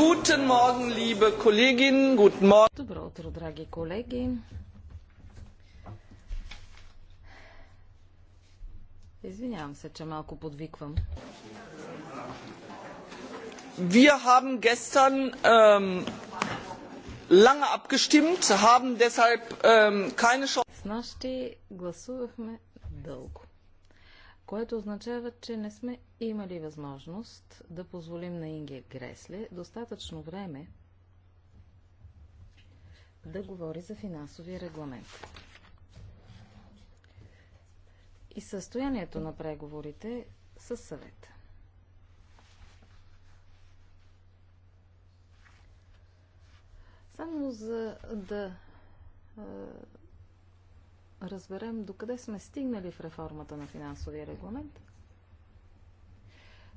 Guten Morgen, liebe Kolleginnen, guten Morgen. Добро утро, драги колеги. Извинявам се, че малко подвиквам. Wir haben gestern ähm, lange abgestimmt, haben deshalb ähm, keine Chance. гласувахме дълго което означава, че не сме имали възможност да позволим на Инге Гресле достатъчно време да говори за финансовия регламент. И състоянието на преговорите със съвета. Само за да разберем докъде сме стигнали в реформата на финансовия регламент,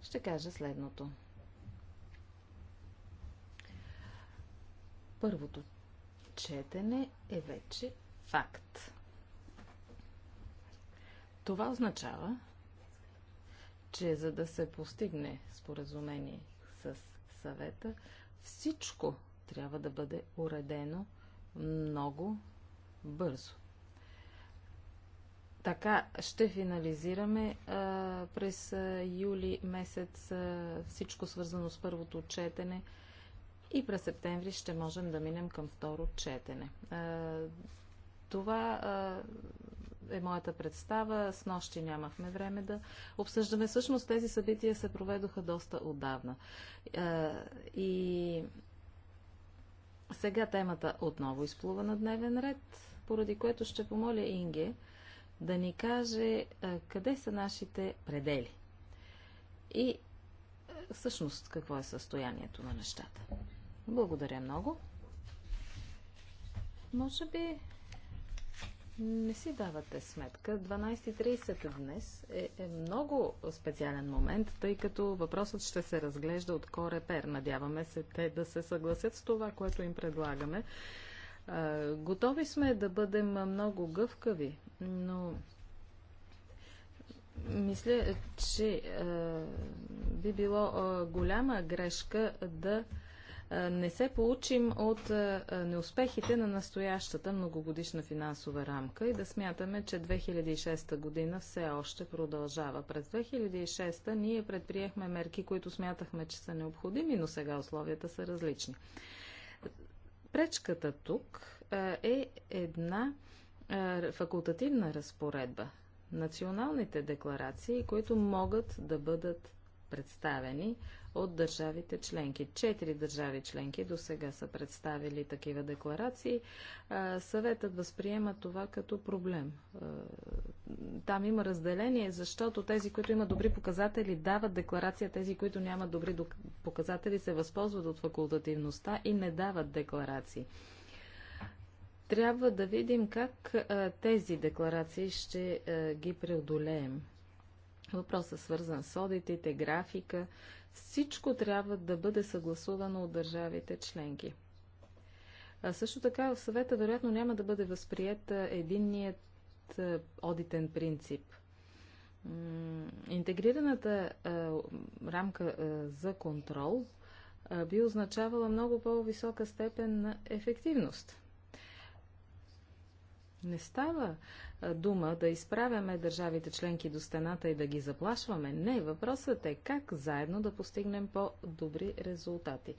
ще кажа следното. Първото четене е вече факт. Това означава, че за да се постигне споразумение с съвета, всичко трябва да бъде уредено много бързо. Така ще финализираме а, през а, юли месец а, всичко свързано с първото четене и през септември ще можем да минем към второ четене. А, това а, е моята представа. С нощи нямахме време да обсъждаме. Всъщност тези събития се проведоха доста отдавна. А, и сега темата отново изплува на дневен ред, поради което ще помоля Инге да ни каже къде са нашите предели и всъщност какво е състоянието на нещата. Благодаря много. Може би не си давате сметка. 12.30 днес е, е много специален момент, тъй като въпросът ще се разглежда от Корепер. Надяваме се те да се съгласят с това, което им предлагаме Готови сме да бъдем много гъвкави, но мисля, че би било голяма грешка да не се получим от неуспехите на настоящата многогодишна финансова рамка и да смятаме, че 2006 година все още продължава. През 2006 ние предприехме мерки, които смятахме, че са необходими, но сега условията са различни. Пречката тук е една факултативна разпоредба. Националните декларации, които могат да бъдат представени от държавите членки. Четири държави членки до сега са представили такива декларации. Съветът възприема това като проблем. Там има разделение, защото тези, които имат добри показатели, дават декларация, тези, които нямат добри показатели, се възползват от факултативността и не дават декларации трябва да видим как тези декларации ще ги преодолеем. Въпросът е свързан с одитите, графика, всичко трябва да бъде съгласувано от държавите членки. А също така в съвета вероятно няма да бъде възприят единният одитен принцип. Интегрираната рамка за контрол би означавала много по-висока степен на ефективност. Не става дума да изправяме държавите членки до стената и да ги заплашваме. Не, въпросът е как заедно да постигнем по-добри резултати.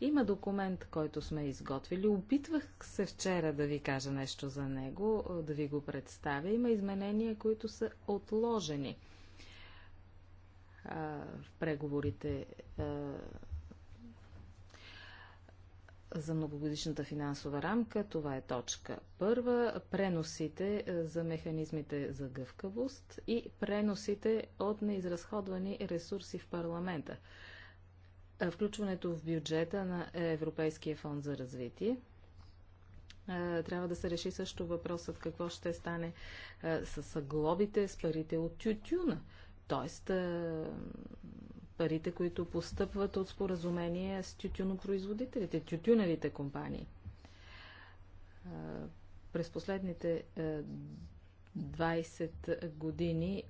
Има документ, който сме изготвили. Опитвах се вчера да ви кажа нещо за него, да ви го представя. Има изменения, които са отложени в преговорите за многогодишната финансова рамка. Това е точка първа. Преносите е, за механизмите за гъвкавост и преносите от неизразходвани ресурси в парламента. Е, включването в бюджета на Европейския фонд за развитие. Е, трябва да се реши също въпросът какво ще стане с глобите, с парите от тютюна. Тоест, парите, които постъпват от споразумение с тютюнопроизводителите, тютюневите компании. През последните 20 години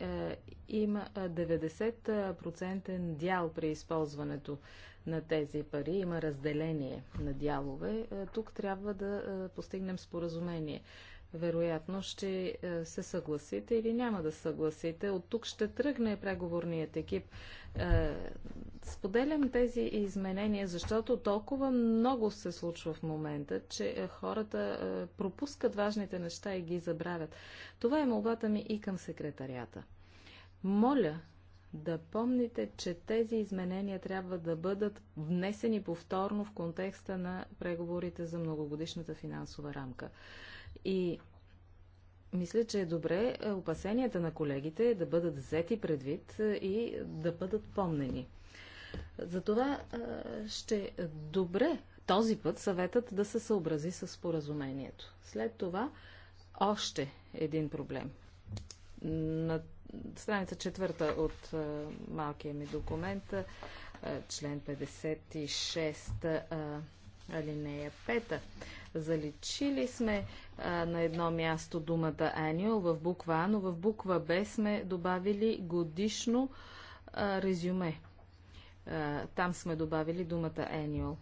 има 90% дял при използването на тези пари. Има разделение на дялове. Тук трябва да постигнем споразумение вероятно ще е, се съгласите или няма да съгласите. От тук ще тръгне преговорният екип. Е, споделям тези изменения, защото толкова много се случва в момента, че е, хората пропускат важните неща и ги забравят. Това е молбата ми и към секретарията. Моля да помните, че тези изменения трябва да бъдат внесени повторно в контекста на преговорите за многогодишната финансова рамка. И мисля, че е добре е, опасенията на колегите да бъдат взети предвид е, и да бъдат помнени. Затова е, ще добре този път съветът да се съобрази с споразумението. След това още един проблем. На страница четвърта от малкия ми документ, член 56, алинея 5. Заличили сме а, на едно място думата annual в буква А, но в буква Б сме добавили годишно а, резюме. А, там сме добавили думата annual.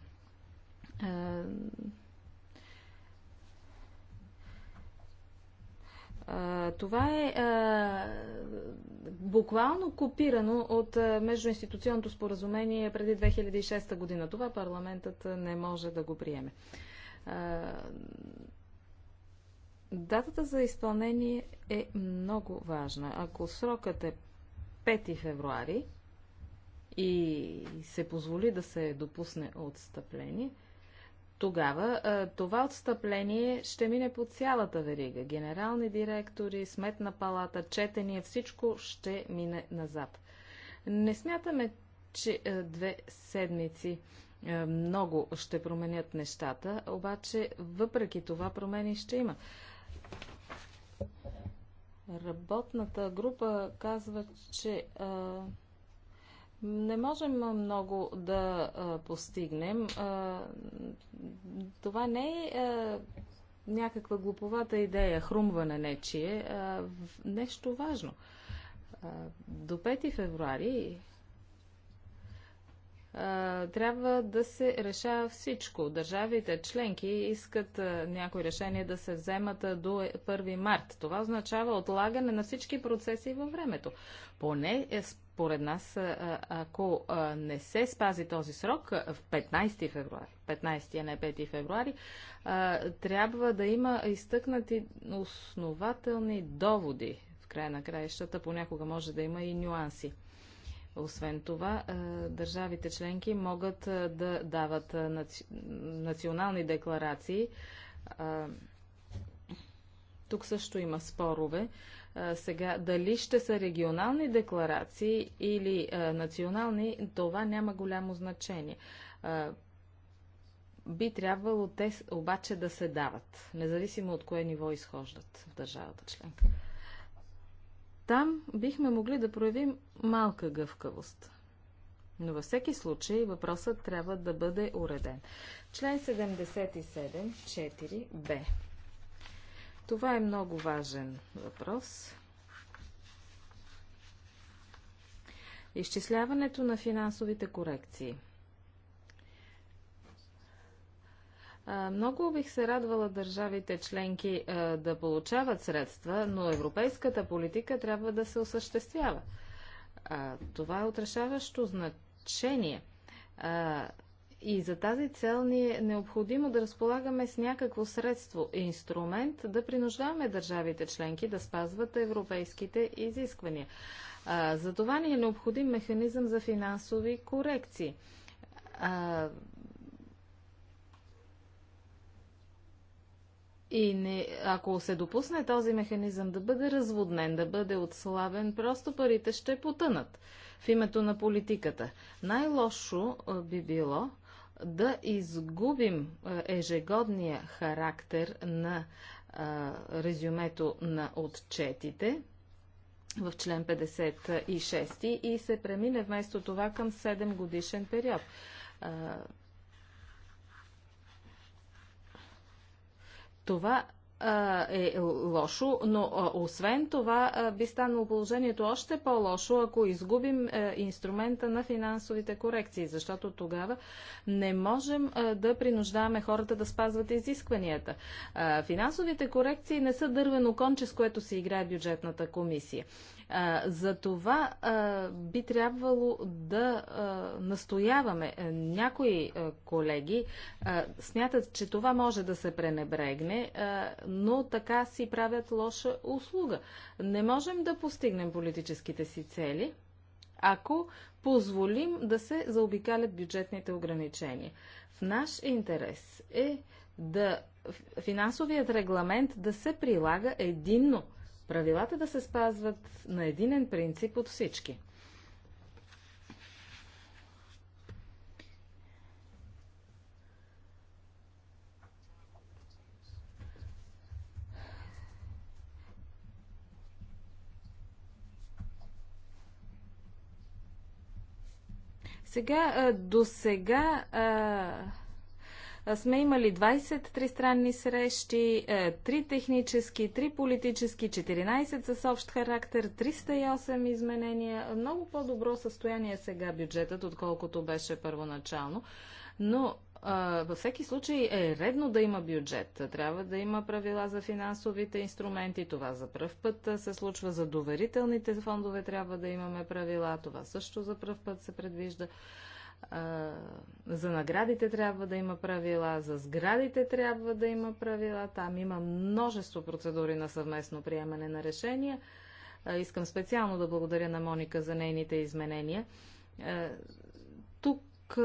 А, Това е, е буквално копирано от междуинституционното споразумение преди 2006 година. Това парламентът не може да го приеме. Датата за изпълнение е много важна. Ако срокът е 5 февруари и се позволи да се допусне отстъпление, тогава това отстъпление ще мине по цялата верига. Генерални директори, сметна палата, четения, всичко ще мине назад. Не смятаме, че две седмици е, много ще променят нещата, обаче въпреки това промени ще има. Работната група казва, че а, е, не можем много да а, е, постигнем. А, това не е а, някаква глуповата идея, хрумване нечие, а, нещо важно. А, до 5 февруари трябва да се решава всичко. Държавите членки искат някои решения да се вземат до 1 е, март. Това означава отлагане на всички процеси във времето. Поне е според нас, ако не се спази този срок в 15 февруари, 15, я не 5 февруари, трябва да има изтъкнати основателни доводи. В края на краищата понякога може да има и нюанси. Освен това, държавите членки могат да дават национални декларации. Тук също има спорове. Сега, дали ще са регионални декларации или национални, това няма голямо значение. Би трябвало те обаче да се дават, независимо от кое ниво изхождат в държавата членка. Там бихме могли да проявим малка гъвкавост. Но във всеки случай въпросът трябва да бъде уреден. Член 77, 4б. Това е много важен въпрос. Изчисляването на финансовите корекции – Много бих се радвала държавите членки да получават средства, но европейската политика трябва да се осъществява. Това е отрешаващо значение. И за тази цел ни е необходимо да разполагаме с някакво средство, и инструмент да принуждаваме държавите членки да спазват европейските изисквания. за това ни е необходим механизъм за финансови корекции. И не, ако се допусне този механизъм да бъде разводнен, да бъде отслабен, просто парите ще потънат в името на политиката. Най-лошо би било да изгубим ежегодния характер на а, резюмето на отчетите в член 56 и се премине вместо това към 7 годишен период. А, Това е лошо, но освен това би станало положението още по-лошо, ако изгубим инструмента на финансовите корекции, защото тогава не можем да принуждаваме хората да спазват изискванията. Финансовите корекции не са дървено конче, с което се играе бюджетната комисия. За това би трябвало да настояваме. Е, някои колеги смятат, че това може да се пренебрегне, но така си правят лоша услуга. Не можем да постигнем политическите си цели, ако позволим да се заобикалят бюджетните ограничения. В наш интерес е да финансовият регламент да се прилага единно правилата да се спазват на единен принцип от всички. Сега, до сега сме имали 20 тристранни срещи, 3 е, технически, 3 политически, 14 с общ характер, 308 изменения. Много по-добро състояние сега бюджетът, отколкото беше първоначално. Но във всеки случай е редно да има бюджет. Трябва да има правила за финансовите инструменти. Това за пръв път се случва. За доверителните фондове трябва да имаме правила. Това също за пръв път се предвижда за наградите трябва да има правила, за сградите трябва да има правила. Там има множество процедури на съвместно приемане на решения. Искам специално да благодаря на Моника за нейните изменения. Тук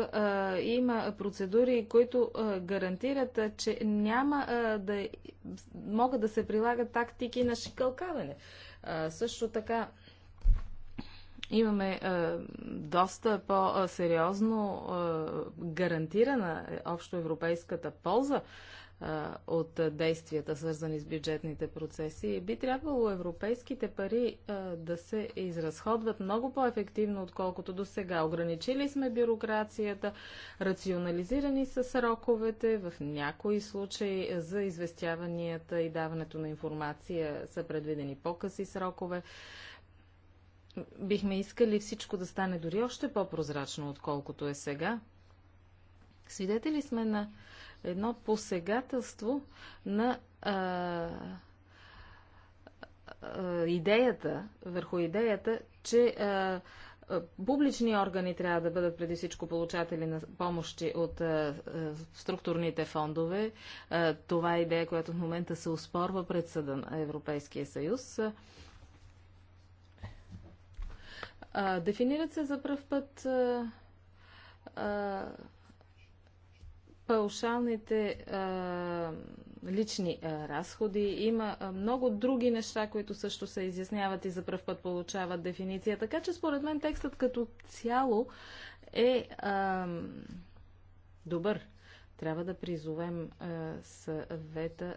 има процедури, които гарантират, че няма да могат да се прилагат тактики на шикалкаване. Също така имаме е, доста по-сериозно е, гарантирана общоевропейската полза е, от действията, свързани с бюджетните процеси. Би трябвало европейските пари е, да се изразходват много по-ефективно, отколкото до сега. Ограничили сме бюрокрацията, рационализирани са сроковете, в някои случаи за известяванията и даването на информация са предвидени по-къси срокове бихме искали всичко да стане дори още по-прозрачно, отколкото е сега. Свидетели сме на едно посегателство на а, а, идеята, върху идеята, че а, публични органи трябва да бъдат преди всичко получатели на помощи от а, структурните фондове. А, това е идея, която в момента се успорва пред съда на Европейския съюз. А, дефинират се за пръв път а, а, паушалните а, лични а, разходи. Има а, много други неща, които също се изясняват и за пръв път получават дефиниция. Така че според мен текстът като цяло е а, добър. Трябва да призовем а, съвета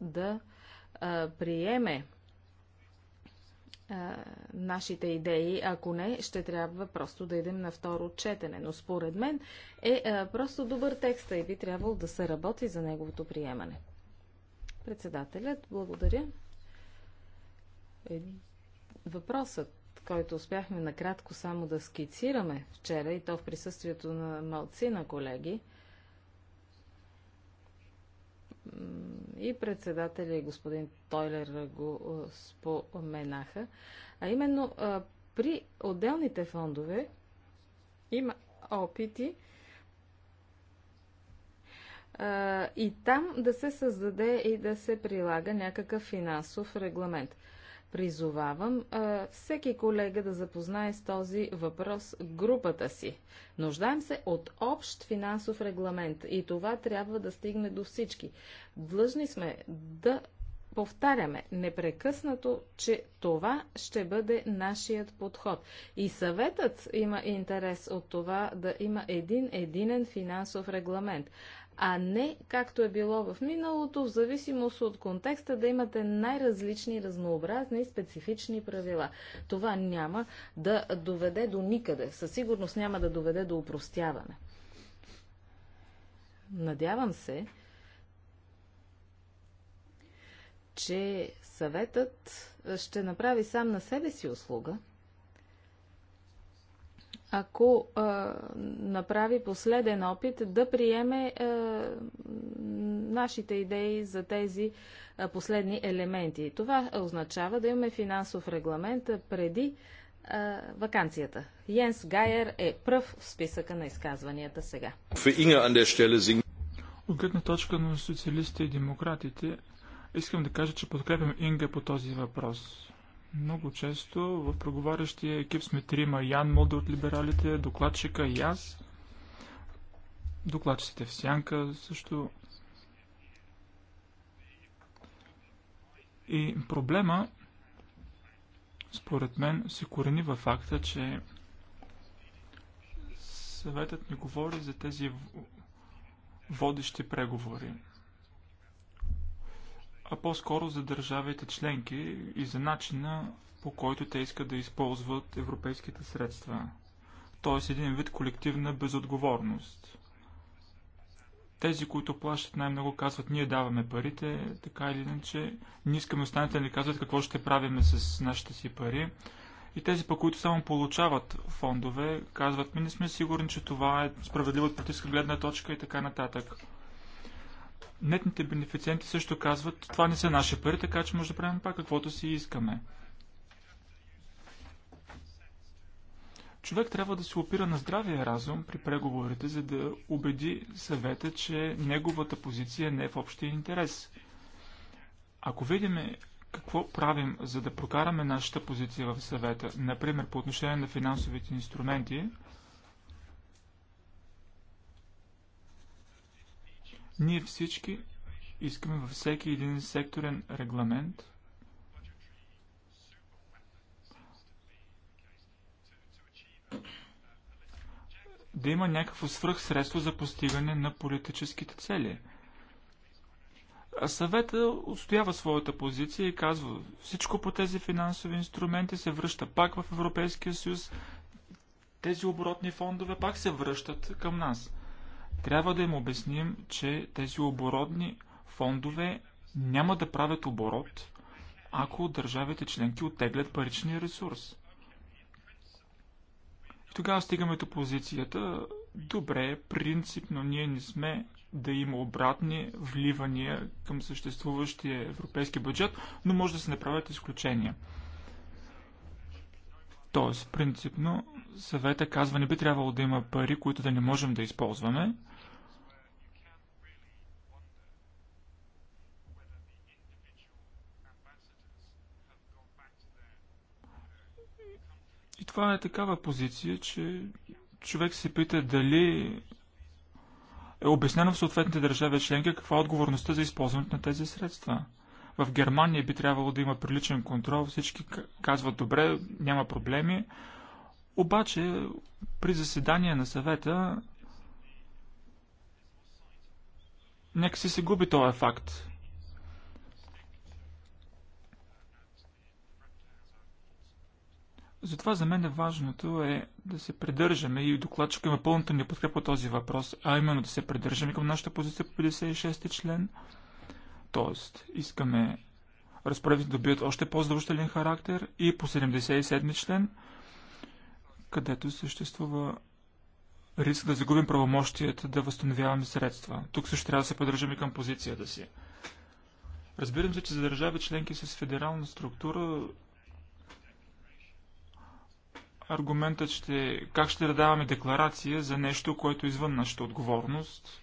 да а, приеме а, нашите идеи. Ако не, ще трябва просто да идем на второ четене. Но според мен е а, просто добър текст и би трябвало да се работи за неговото приемане. Председателят, благодаря. Е, въпросът, който успяхме накратко само да скицираме вчера и то в присъствието на малци на колеги – и председателя и господин Тойлер го споменаха, а именно при отделните фондове има опити и там да се създаде и да се прилага някакъв финансов регламент призовавам а, всеки колега да запознае с този въпрос групата си. Нуждаем се от общ финансов регламент и това трябва да стигне до всички. Длъжни сме да повтаряме непрекъснато, че това ще бъде нашият подход. И съветът има интерес от това да има един единен финансов регламент а не, както е било в миналото, в зависимост от контекста, да имате най-различни, разнообразни и специфични правила. Това няма да доведе до никъде. Със сигурност няма да доведе до упростяване. Надявам се, че съветът ще направи сам на себе си услуга – ако а, направи последен опит да приеме а, нашите идеи за тези а, последни елементи. Това означава да имаме финансов регламент преди а, вакансията. Йенс Гайер е пръв в списъка на изказванията сега. От гледна точка на социалистите и демократите, искам да кажа, че подкрепям Инга по този въпрос. Много често в преговарящия екип сме трима. Ян Молда от либералите, докладчика и аз. Докладчиците в сянка също. И проблема, според мен, се корени във факта, че съветът ми говори за тези водещи преговори а по-скоро за държавите членки и за начина по който те искат да използват европейските средства. Тоест един вид колективна безотговорност. Тези, които плащат най-много, казват, ние даваме парите, така или иначе, не искаме останете да ни казват какво ще правиме с нашите си пари. И тези, по които само получават фондове, казват, ми не сме сигурни, че това е справедливо от политическа гледна точка и така нататък. Нетните бенефициенти също казват, това не са наши пари, така че може да правим пак каквото си искаме. Човек трябва да се опира на здравия разум при преговорите, за да убеди съвета, че неговата позиция не е в общия интерес. Ако видим какво правим, за да прокараме нашата позиция в съвета, например по отношение на финансовите инструменти, Ние всички искаме във всеки един секторен регламент да има някакво свръхсредство за постигане на политическите цели. Съветът съвета отстоява своята позиция и казва, всичко по тези финансови инструменти се връща пак в Европейския съюз, тези оборотни фондове пак се връщат към нас. Трябва да им обясним, че тези оборотни фондове няма да правят оборот, ако държавите членки оттеглят паричния ресурс. И тогава стигаме до позицията, добре, принципно ние не сме да има обратни вливания към съществуващия европейски бюджет, но може да се направят изключения. Тоест, принципно, съвета казва, не би трябвало да има пари, които да не можем да използваме, И това е такава позиция, че човек се пита дали е обяснено в съответните държави членки каква е отговорността за използването на тези средства. В Германия би трябвало да има приличен контрол, всички казват добре, няма проблеми. Обаче при заседание на съвета нека си се губи този факт. Затова за мен е важното е да се придържаме и докладчика има пълната ни подкрепа този въпрос, а именно да се придържаме към нашата позиция по 56 ти член. Тоест, искаме разправите да бият още по-задължителен характер и по 77 ми член, където съществува риск да загубим правомощията да възстановяваме средства. Тук също трябва да се придържаме към позицията си. Разбирам се, че за държави членки с федерална структура аргументът ще как ще да даваме декларация за нещо, което е извън нашата отговорност.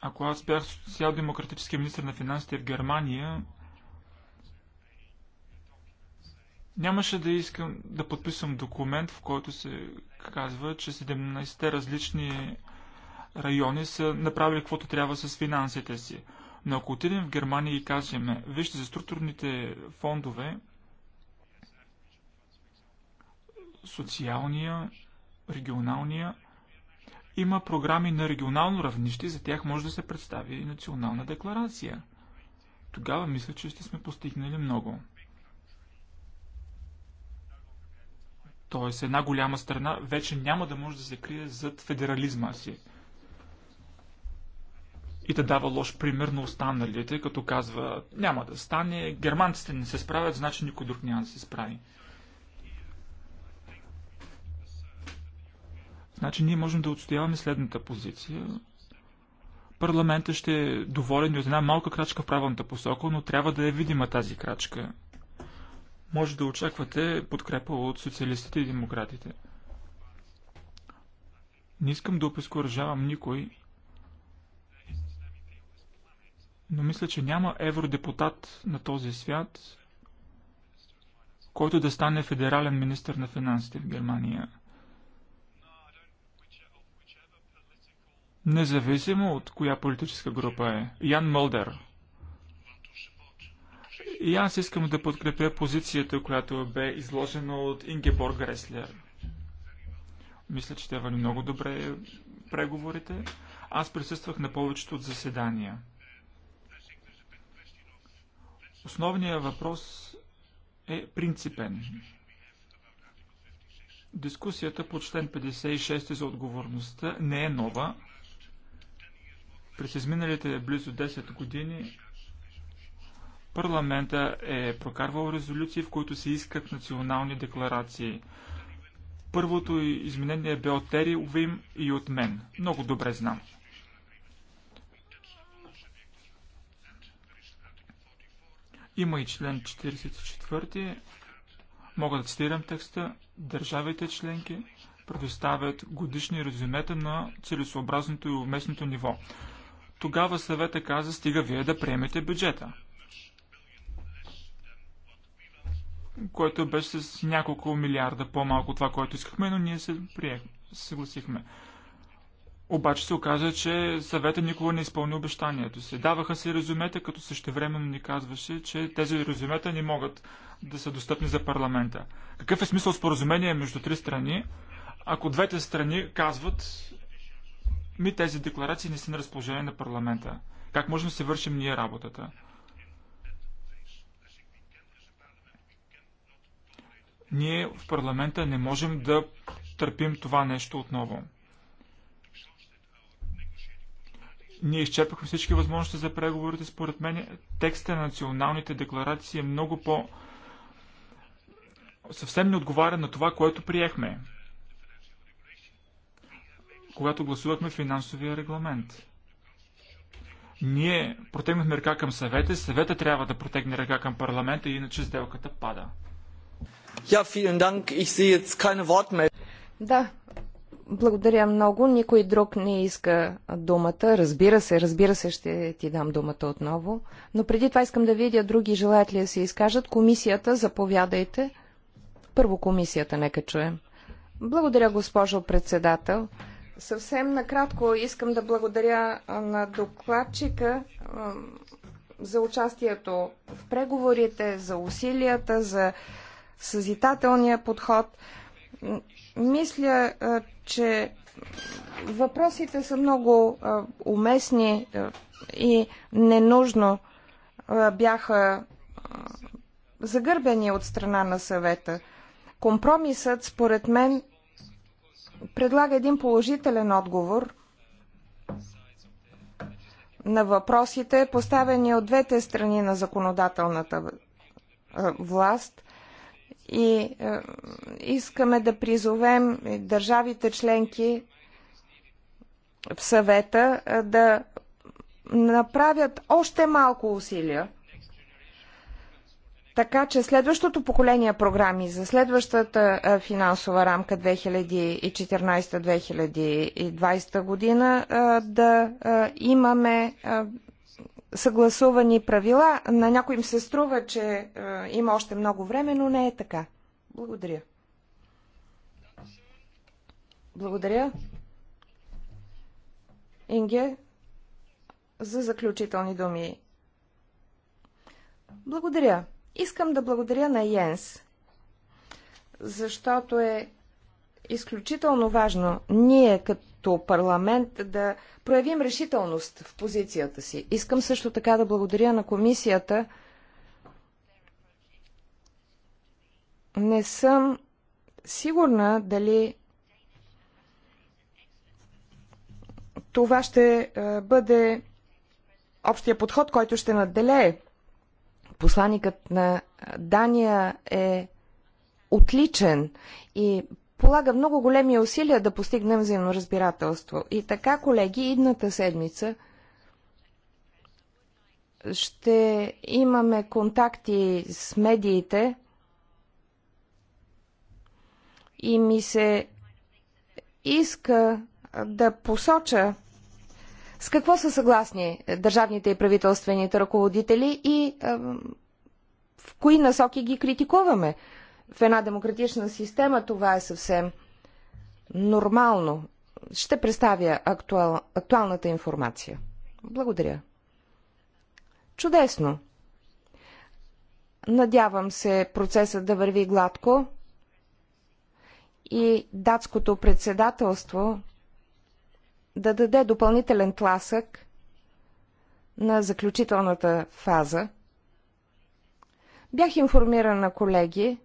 Ако аз бях социал-демократически министр на финансите в Германия, нямаше да искам да подписвам документ, в който се казва, че 17-те различни райони са направили каквото трябва с финансите си. Но ако отидем в Германия и кажем, вижте за структурните фондове, социалния, регионалния. Има програми на регионално равнище, за тях може да се представи и национална декларация. Тогава мисля, че ще сме постигнали много. Тоест, една голяма страна вече няма да може да се крие зад федерализма си и да дава лош пример на останалите, като казва, няма да стане, германците не се справят, значи никой друг няма да се справи. Значи ние можем да отстояваме следната позиция. Парламента ще е доволен и от една малка крачка в правилната посока, но трябва да е видима тази крачка. Може да очаквате подкрепа от социалистите и демократите. Не искам да обезкуражавам никой, но мисля, че няма евродепутат на този свят, който да стане федерален министр на финансите в Германия – независимо от коя политическа група е. Ян Мълдер. И аз искам да подкрепя позицията, която бе изложена от Ингебор Греслер. Мисля, че те вали много добре преговорите. Аз присъствах на повечето от заседания. Основният въпрос е принципен. Дискусията по член 56 за отговорността не е нова, през изминалите близо 10 години парламента е прокарвал резолюции, в които се искат национални декларации. Първото изменение бе от Тери Увим и от мен. Много добре знам. Има и член 44. Мога да цитирам текста. Държавите членки предоставят годишни резюмета на целесообразното и уместното ниво. Тогава съвета каза, стига вие да приемете бюджета. Което беше с няколко милиарда по-малко това, което искахме, но ние се приехме, съгласихме. Обаче се оказа, че съвета никога не изпълни обещанието си. Даваха се резюмета, като време ни казваше, че тези резюмета не могат да са достъпни за парламента. Какъв е смисъл споразумение между три страни, ако двете страни казват ми тези декларации не са на разположение на парламента? Как можем да се вършим ние работата? Ние в парламента не можем да търпим това нещо отново. Ние изчерпахме всички възможности за преговорите. Според мен текста на националните декларации е много по... съвсем не отговаря на това, което приехме когато гласувахме финансовия регламент. Ние протегнахме ръка към съвета, съвета трябва да протегне ръка към парламента, иначе сделката пада. Ja, vielen Dank. Ich sehe jetzt keine mehr. Да, благодаря много. Никой друг не иска думата. Разбира се, разбира се, ще ти дам думата отново. Но преди това искам да видя други желаят ли да се изкажат. Комисията, заповядайте. Първо комисията, нека чуем. Благодаря, госпожо председател. Съвсем накратко искам да благодаря на докладчика за участието в преговорите, за усилията, за съзитателния подход. Мисля, че въпросите са много уместни и ненужно бяха загърбени от страна на съвета. Компромисът, според мен, предлага един положителен отговор на въпросите, поставени от двете страни на законодателната власт и искаме да призовем държавите членки в съвета да направят още малко усилия така че следващото поколение програми за следващата е, финансова рамка 2014-2020 година е, да е, имаме съгласувани правила. На някой им се струва, че има още много време, но не е така. Благодаря. Благодаря. Инге, за заключителни думи. Благодаря. Искам да благодаря на Йенс, защото е изключително важно ние като парламент да проявим решителност в позицията си. Искам също така да благодаря на комисията. Не съм сигурна дали това ще е, бъде общия подход, който ще наделее Посланикът на Дания е отличен и полага много големи усилия да постигнем взаимно разбирателство. И така, колеги, идната седмица ще имаме контакти с медиите и ми се иска да посоча с какво са съгласни е, държавните и правителствените ръководители и в кои насоки ги критикуваме? В една демократична система това е съвсем нормално. Ще представя актуал, актуалната информация. Благодаря. Чудесно. Надявам се процесът да върви гладко и датското председателство да даде допълнителен тласък на заключителната фаза. Бях информирана, колеги,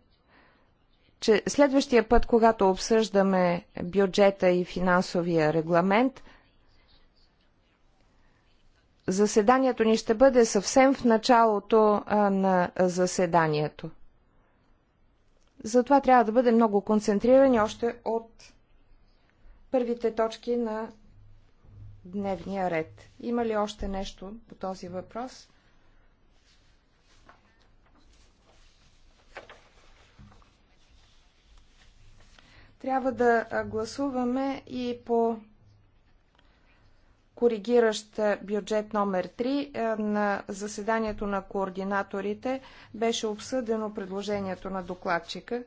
че следващия път, когато обсъждаме бюджета и финансовия регламент, заседанието ни ще бъде съвсем в началото на заседанието. Затова трябва да бъде много концентрирани още от първите точки на дневния ред. Има ли още нещо по този въпрос? Трябва да гласуваме и по коригиращ бюджет номер 3 на заседанието на координаторите беше обсъдено предложението на докладчика.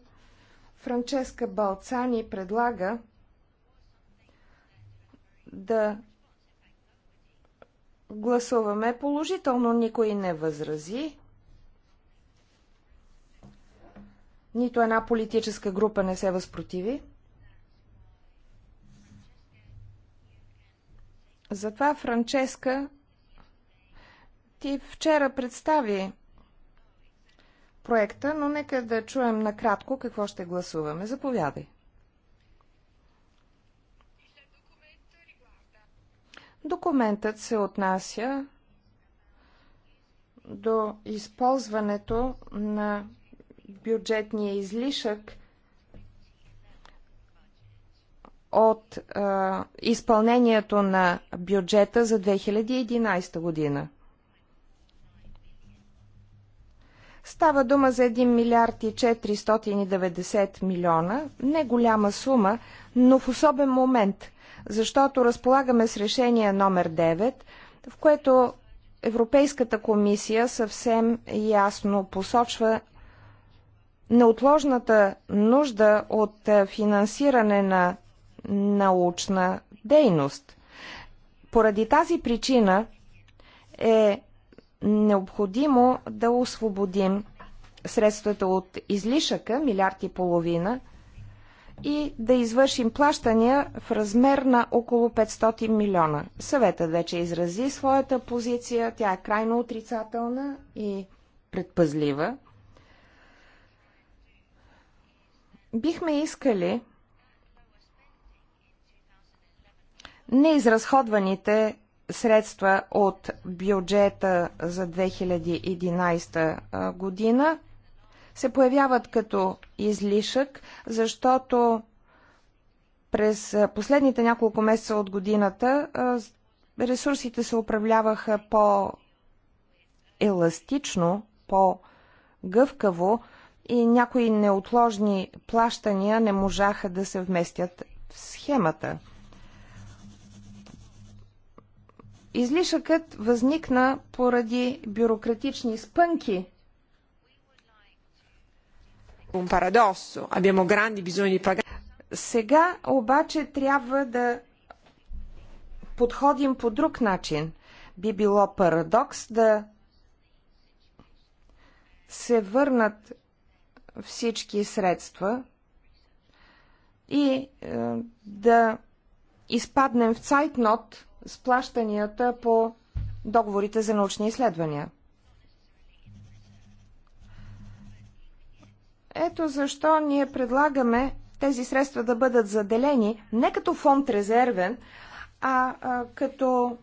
Франческа Балцани предлага да Гласуваме положително, никой не възрази. Нито една политическа група не се възпротиви. Затова, Франческа, ти вчера представи проекта, но нека да чуем накратко какво ще гласуваме. Заповядай. Документът се отнася до използването на бюджетния излишък от а, изпълнението на бюджета за 2011 година. Става дума за 1 милиард и 490 милиона, не голяма сума, но в особен момент – защото разполагаме с решение номер 9, в което Европейската комисия съвсем ясно посочва неотложната нужда от е, финансиране на научна дейност. Поради тази причина е необходимо да освободим средствата от излишъка, милиард и половина – и да извършим плащания в размер на около 500 милиона. Съветът вече изрази своята позиция, тя е крайно отрицателна и предпазлива. Бихме искали неизразходваните средства от бюджета за 2011 година – се появяват като излишък, защото през последните няколко месеца от годината ресурсите се управляваха по-еластично, по-гъвкаво и някои неотложни плащания не можаха да се вместят в схемата. Излишъкът възникна поради бюрократични спънки сега обаче трябва да подходим по друг начин. Би било парадокс да се върнат всички средства и е, да изпаднем в цайтнот с плащанията по договорите за научни изследвания. Ето защо ние предлагаме тези средства да бъдат заделени не като фонд резервен, а, а като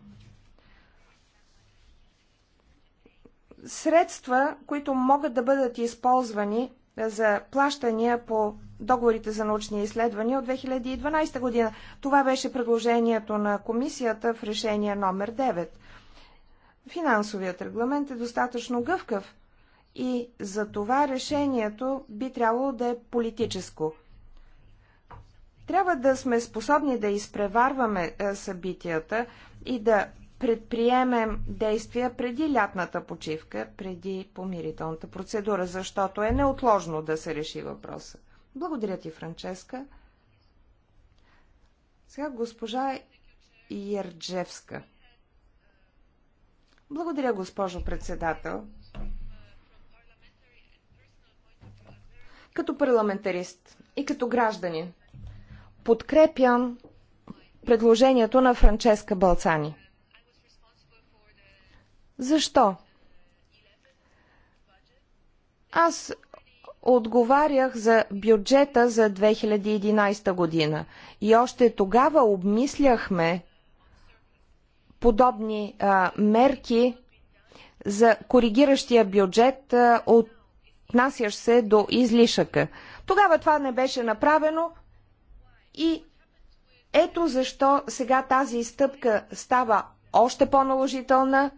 средства, които могат да бъдат използвани за плащания по договорите за научни изследвания от 2012 година. Това беше предложението на комисията в решение номер 9. Финансовият регламент е достатъчно гъвкав и за това решението би трябвало да е политическо. Трябва да сме способни да изпреварваме е, събитията и да предприемем действия преди лятната почивка, преди помирителната процедура, защото е неотложно да се реши въпроса. Благодаря ти, Франческа. Сега госпожа Ярджевска. Благодаря, госпожо председател. като парламентарист и като гражданин подкрепям предложението на Франческа Балцани. Защо? Аз отговарях за бюджета за 2011 година и още тогава обмисляхме подобни а, мерки за коригиращия бюджет а, от отнасящ се до излишъка. Тогава това не беше направено и ето защо сега тази стъпка става още по-наложителна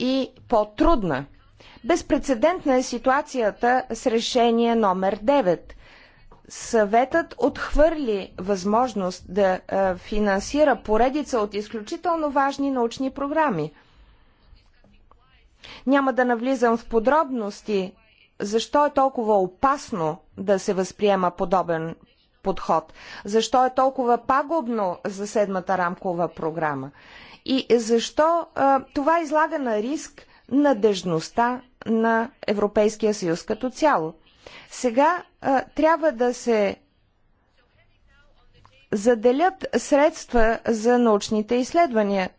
и по-трудна. Безпредседентна е ситуацията с решение номер 9. Съветът отхвърли възможност да финансира поредица от изключително важни научни програми – няма да навлизам в подробности, защо е толкова опасно да се възприема подобен подход, защо е толкова пагубно за седмата рамкова програма и защо а, това излага на риск надежността на Европейския съюз като цяло. Сега а, трябва да се заделят средства за научните изследвания.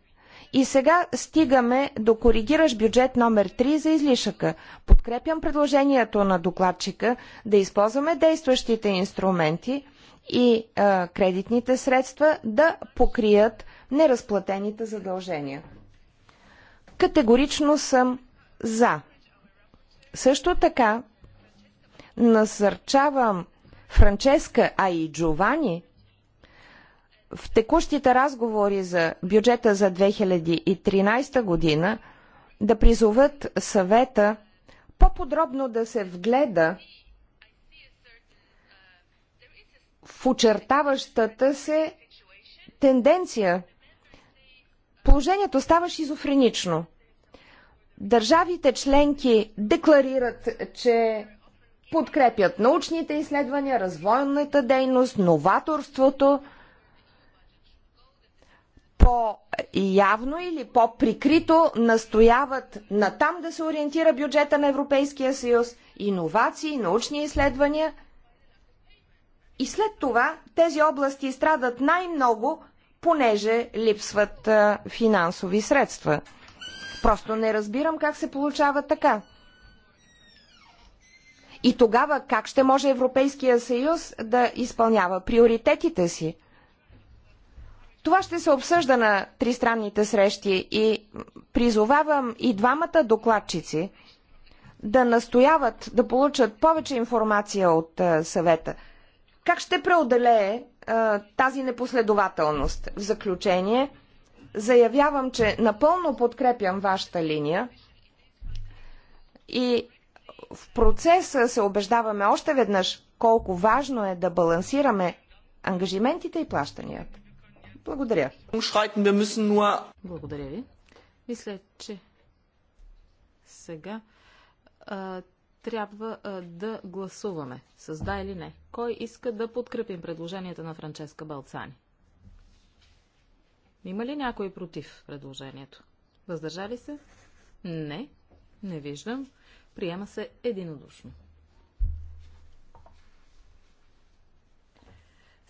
И сега стигаме до коригиращ бюджет номер 3 за излишъка. Подкрепям предложението на докладчика да използваме действащите инструменти и а, кредитните средства да покрият неразплатените задължения. Категорично съм за. Също така насърчавам Франческа, а и Джовани – в текущите разговори за бюджета за 2013 година да призоват съвета по-подробно да се вгледа в очертаващата се тенденция. Положението става шизофренично. Държавите членки декларират, че подкрепят научните изследвания, развойната дейност, новаторството – по-явно или по-прикрито настояват на там да се ориентира бюджета на Европейския съюз, иновации, научни изследвания. И след това тези области страдат най-много, понеже липсват а, финансови средства. Просто не разбирам как се получава така. И тогава как ще може Европейския съюз да изпълнява приоритетите си? Това ще се обсъжда на тристранните срещи и призовавам и двамата докладчици да настояват да получат повече информация от е, съвета. Как ще преодолее е, тази непоследователност? В заключение, заявявам, че напълно подкрепям вашата линия и в процеса се убеждаваме още веднъж колко важно е да балансираме ангажиментите и плащанията. Благодаря. Благодаря ви. Мисля, че сега а, трябва а, да гласуваме с да или не. Кой иска да подкрепим предложенията на Франческа Балцани? Има ли някой против предложението? Въздържали се? Не. Не виждам. Приема се единодушно.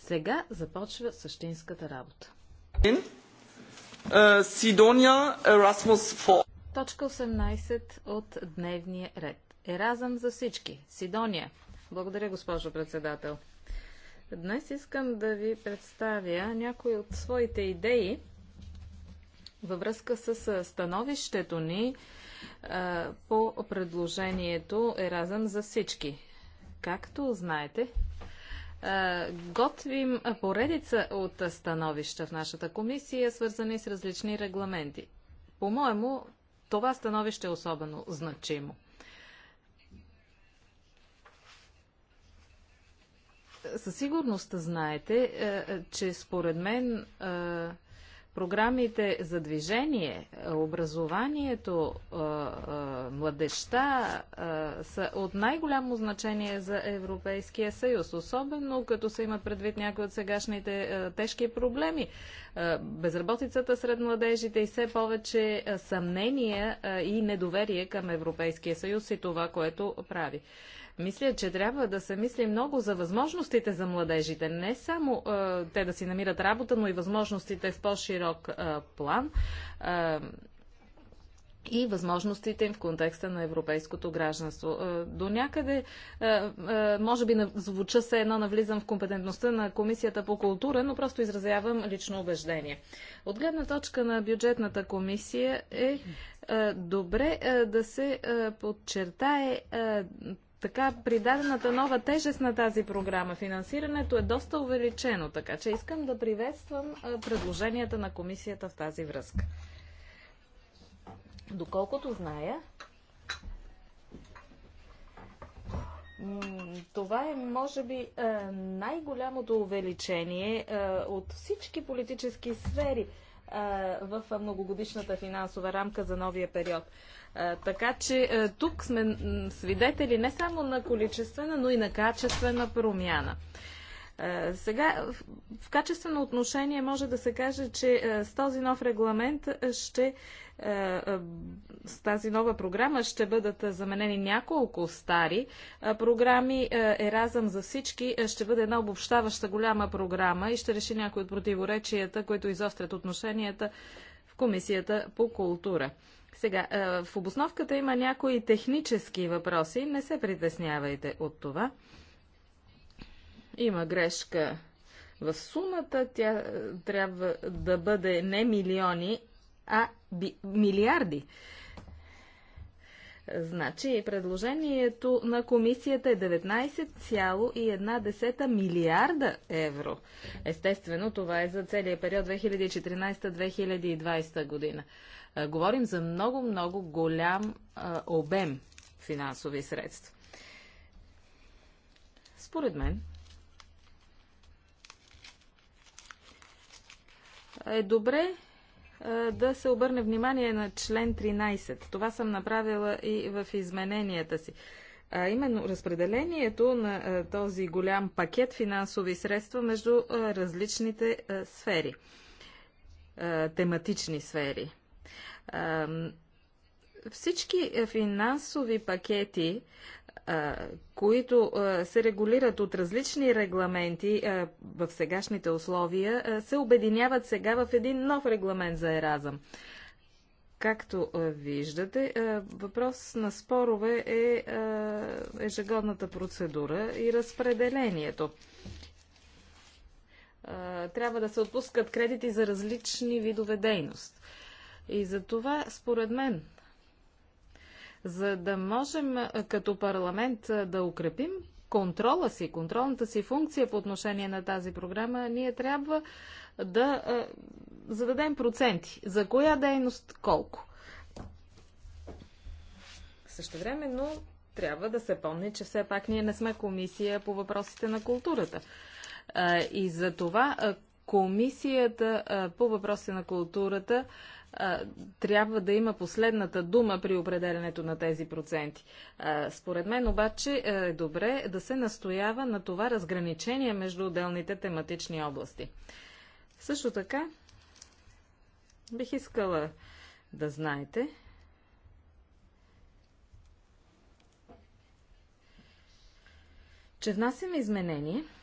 Сега започва същинската работа. Е, Сидония Ерасмус 4. Точка 18 от дневния ред. Еразъм за всички. Сидония. Благодаря, госпожо председател. Днес искам да ви представя някои от своите идеи във връзка с е, становището ни е, по предложението Еразъм за всички. Както знаете, готвим поредица от становища в нашата комисия, свързани с различни регламенти. По-моему, това становище е особено значимо. Със сигурност знаете, е, е, че според мен е, програмите за движение, образованието, младеща са от най-голямо значение за Европейския съюз, особено като се имат предвид някои от сегашните тежки проблеми. Безработицата сред младежите и все повече съмнения и недоверие към Европейския съюз и това, което прави. Мисля, че трябва да се мисли много за възможностите за младежите. Не само а, е, те да си намират работа, но и възможностите в по-широк е, план. А, е, и възможностите им в контекста на европейското гражданство. До някъде, може би, звуча се едно навлизам в компетентността на Комисията по култура, но просто изразявам лично убеждение. От гледна точка на бюджетната комисия е добре да се подчертае така придадената нова тежест на тази програма. Финансирането е доста увеличено, така че искам да приветствам предложенията на комисията в тази връзка. Доколкото зная, това е, може би, най-голямото увеличение от всички политически сфери в многогодишната финансова рамка за новия период. Така че тук сме свидетели не само на количествена, но и на качествена промяна. Сега в качествено отношение може да се каже, че с този нов регламент ще с тази нова програма ще бъдат заменени няколко стари програми. Еразъм за всички ще бъде една обобщаваща голяма програма и ще реши някои от противоречията, които изострят отношенията в Комисията по култура. Сега, е, в обосновката има някои технически въпроси. Не се притеснявайте от това. Има грешка в сумата. Тя е, трябва да бъде не милиони, а милиарди. Значи, предложението на комисията е 19,1 милиарда евро. Естествено, това е за целият период 2014-2020 година. Е, говорим за много-много голям е, обем финансови средства. Според мен, е добре е, да се обърне внимание на член 13. Това съм направила и в измененията си. А именно разпределението на този голям пакет финансови средства между различните сфери, тематични сфери. Всички финансови пакети, които се регулират от различни регламенти в сегашните условия, се обединяват сега в един нов регламент за Еразъм. Както виждате, въпрос на спорове е ежегодната процедура и разпределението. Трябва да се отпускат кредити за различни видове дейност. И за това, според мен, за да можем като парламент да укрепим контрола си, контролната си функция по отношение на тази програма, ние трябва да зададем проценти. За коя дейност колко? Също времено трябва да се помни, че все пак ние не сме комисия по въпросите на културата. И за това Комисията по въпроси на културата трябва да има последната дума при определенето на тези проценти. Според мен обаче е добре да се настоява на това разграничение между отделните тематични области. Също така, бих искала да знаете, че внасяме изменение –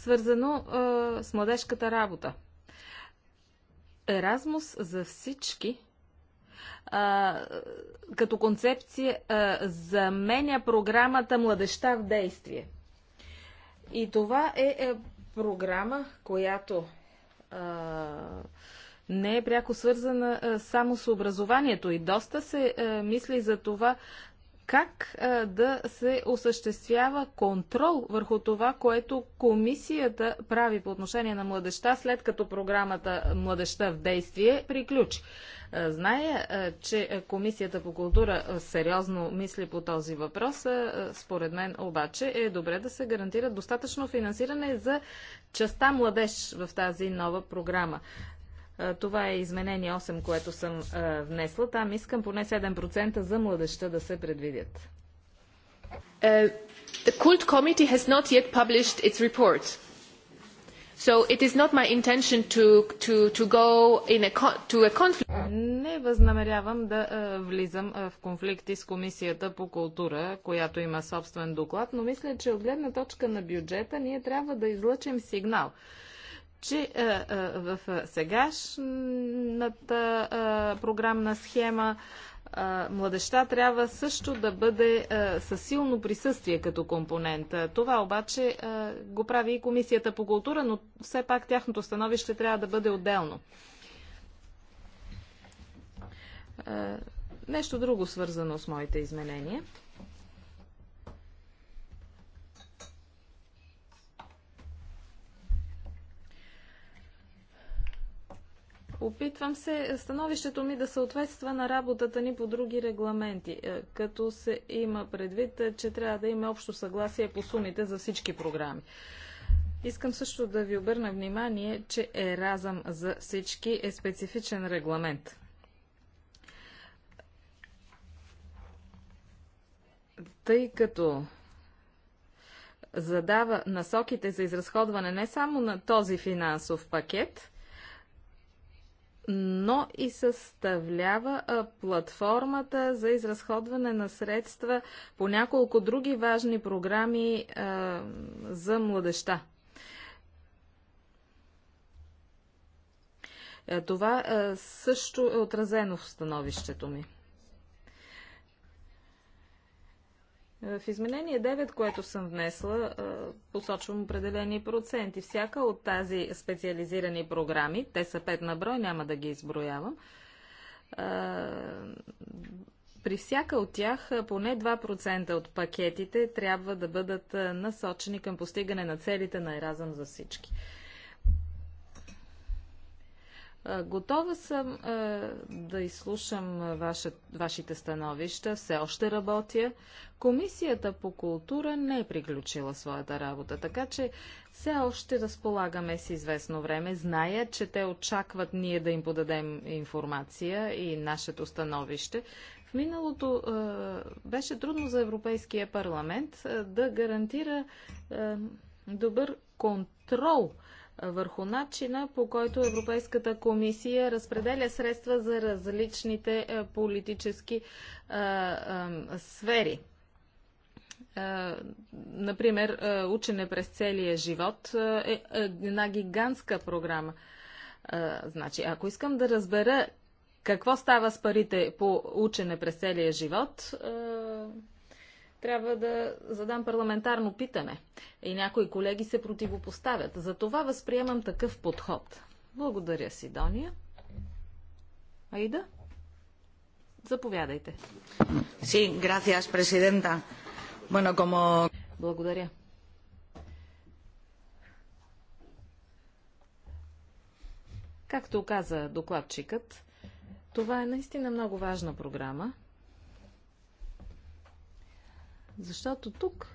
свързано а, с младежката работа. Еразмус за всички а, като концепция а, заменя програмата Младеща в действие. И това е, е програма, която а, не е пряко свързана а, само с образованието. И доста се а, мисли за това как а, да се осъществява контрол върху това, което комисията прави по отношение на младеща, след като програмата Младеща в действие приключи. зная, че Комисията по култура сериозно мисли по този въпрос, според мен обаче е добре да се гарантира достатъчно финансиране за частта младеж в тази нова програма. Това е изменение 8, което съм внесла. Там искам поне 7% за младеща да се предвидят. Uh, the cult committee has not yet published its report. So it is not my intention to, to, to go in a, to a conflict. Не възнамерявам да е, влизам е, в конфликти с Комисията по култура, която има собствен доклад, но мисля, че от гледна точка на бюджета ние трябва да излъчим сигнал. Uh, че е, е, в сегашната е, програмна схема младеща трябва също да бъде със силно присъствие като компонент. Това обаче го прави и Комисията по култура, но все пак тяхното становище трябва да бъде отделно. Нещо друго свързано с моите изменения – Опитвам се становището ми да съответства на работата ни по други регламенти, е, като се има предвид, е, че трябва да има общо съгласие по сумите за всички програми. Искам също да ви обърна внимание, че Еразъм за всички е специфичен регламент. Тъй като задава насоките за изразходване не само на този финансов пакет, но и съставлява платформата за изразходване на средства по няколко други важни програми за младеща. Е, това също е отразено в становището ми. В изменение 9, което съм внесла, посочвам определени проценти. Всяка от тази специализирани програми, те са 5 на брой, няма да ги изброявам, при всяка от тях поне 2% от пакетите трябва да бъдат насочени към постигане на целите на Еразъм за всички. Готова съм да изслушам ваше, вашите становища. Все още работя. Комисията по култура не е приключила своята работа, така че все още разполагаме с известно време. Зная, че те очакват ние да им подадем информация и нашето становище. В миналото беше трудно за Европейския парламент да гарантира добър контрол върху начина по който Европейската комисия разпределя средства за различните е, политически а, е, а, е, сфери. А, например, учене през целия живот е една гигантска програма. Значи, ако искам да разбера какво става с парите по учене през целия живот, трябва да задам парламентарно питане. И някои колеги се противопоставят. За това възприемам такъв подход. Благодаря, Сидония. Аида? Заповядайте. Sí, gracias, presidenta. Bueno, como... Благодаря. Както каза докладчикът, това е наистина много важна програма – защото тук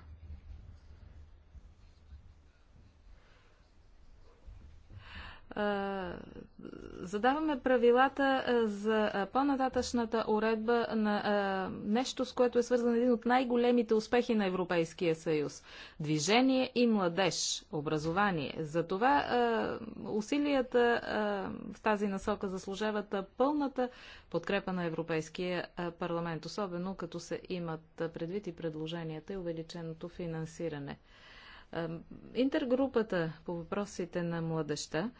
задаваме правилата за по-нататъчната уредба на нещо, с което е свързан един от най-големите успехи на Европейския съюз. Движение и младеж, образование. За това усилията в тази насока заслужават пълната подкрепа на Европейския парламент, особено като се имат предвид и предложенията и увеличеното финансиране. Интергрупата по въпросите на младеща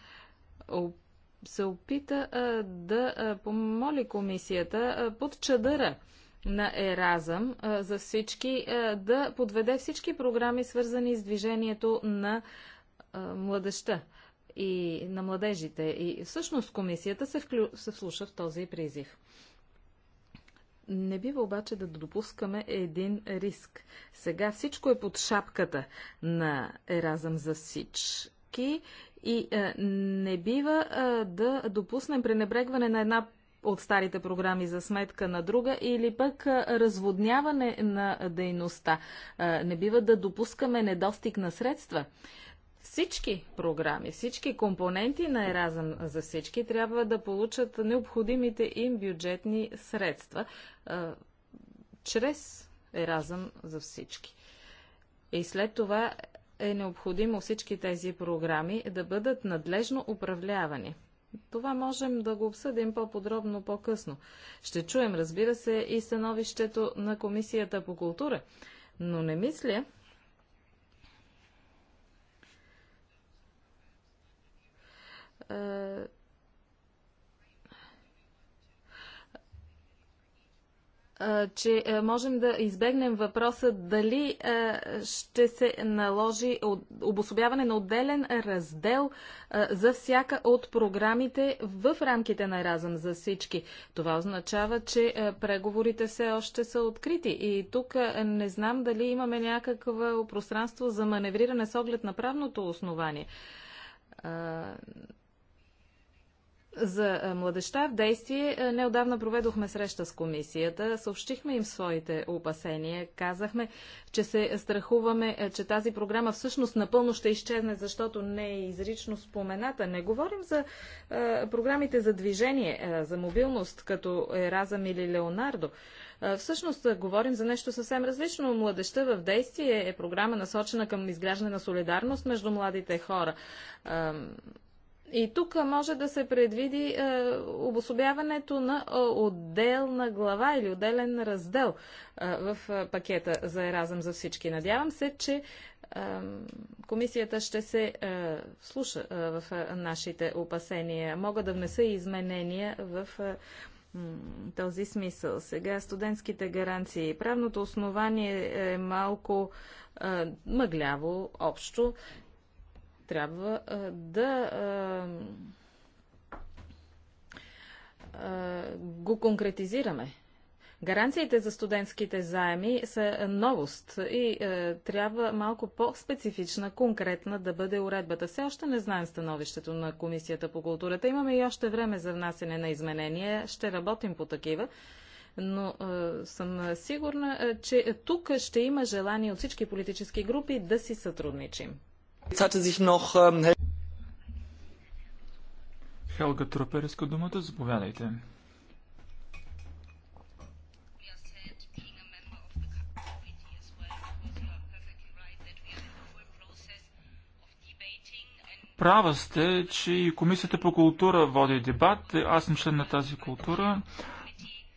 се опита да помоли комисията под чадъра на Еразъм за всички, да подведе всички програми, свързани с движението на младеща и на младежите. И всъщност комисията се, вклю... се вслуша в този призив. Не бива обаче да допускаме един риск. Сега всичко е под шапката на Еразъм за Сич мерки и е, не бива е, да допуснем пренебрегване на една от старите програми за сметка на друга или пък е, разводняване на дейността. Е, не бива да допускаме недостиг на средства. Всички програми, всички компоненти на Еразъм за всички трябва да получат необходимите им бюджетни средства е, чрез Еразъм за всички. И след това е необходимо всички тези програми да бъдат надлежно управлявани. Това можем да го обсъдим по-подробно по-късно. Ще чуем, разбира се, и становището на Комисията по култура, но не мисля, е, че можем да избегнем въпроса дали ще се наложи обособяване на отделен раздел за всяка от програмите в рамките на Разъм за всички. Това означава, че преговорите все още са открити и тук не знам дали имаме някакво пространство за маневриране с оглед на правното основание за младеща в действие неодавна проведохме среща с комисията. Съобщихме им своите опасения. Казахме, че се страхуваме, че тази програма всъщност напълно ще изчезне, защото не е изрично спомената. Не говорим за а, програмите за движение, а, за мобилност, като Еразъм или Леонардо. А, всъщност говорим за нещо съвсем различно. Младеща в действие е програма насочена към изграждане на солидарност между младите хора и тук може да се предвиди е, обособяването на е, отделна глава или отделен раздел е, в е, пакета за Еразъм за всички. Надявам се, че е, комисията ще се е, слуша в нашите опасения. Мога да внеса и изменения в този смисъл. Сега студентските гаранции. Правното основание е малко мъгляво, общо трябва да го конкретизираме. Гаранциите за студентските заеми са новост и е, трябва малко по-специфична, конкретна да бъде уредбата. Все още не знаем становището на Комисията по културата. Имаме и още време за внасене на изменения. Ще работим по такива. Но е, съм сигурна, че тук ще има желание от всички политически групи да си сътрудничим. Ähm, Хелга Трупер думата, заповядайте. Права сте, че и Комисията по култура води дебат. Аз съм член на тази култура.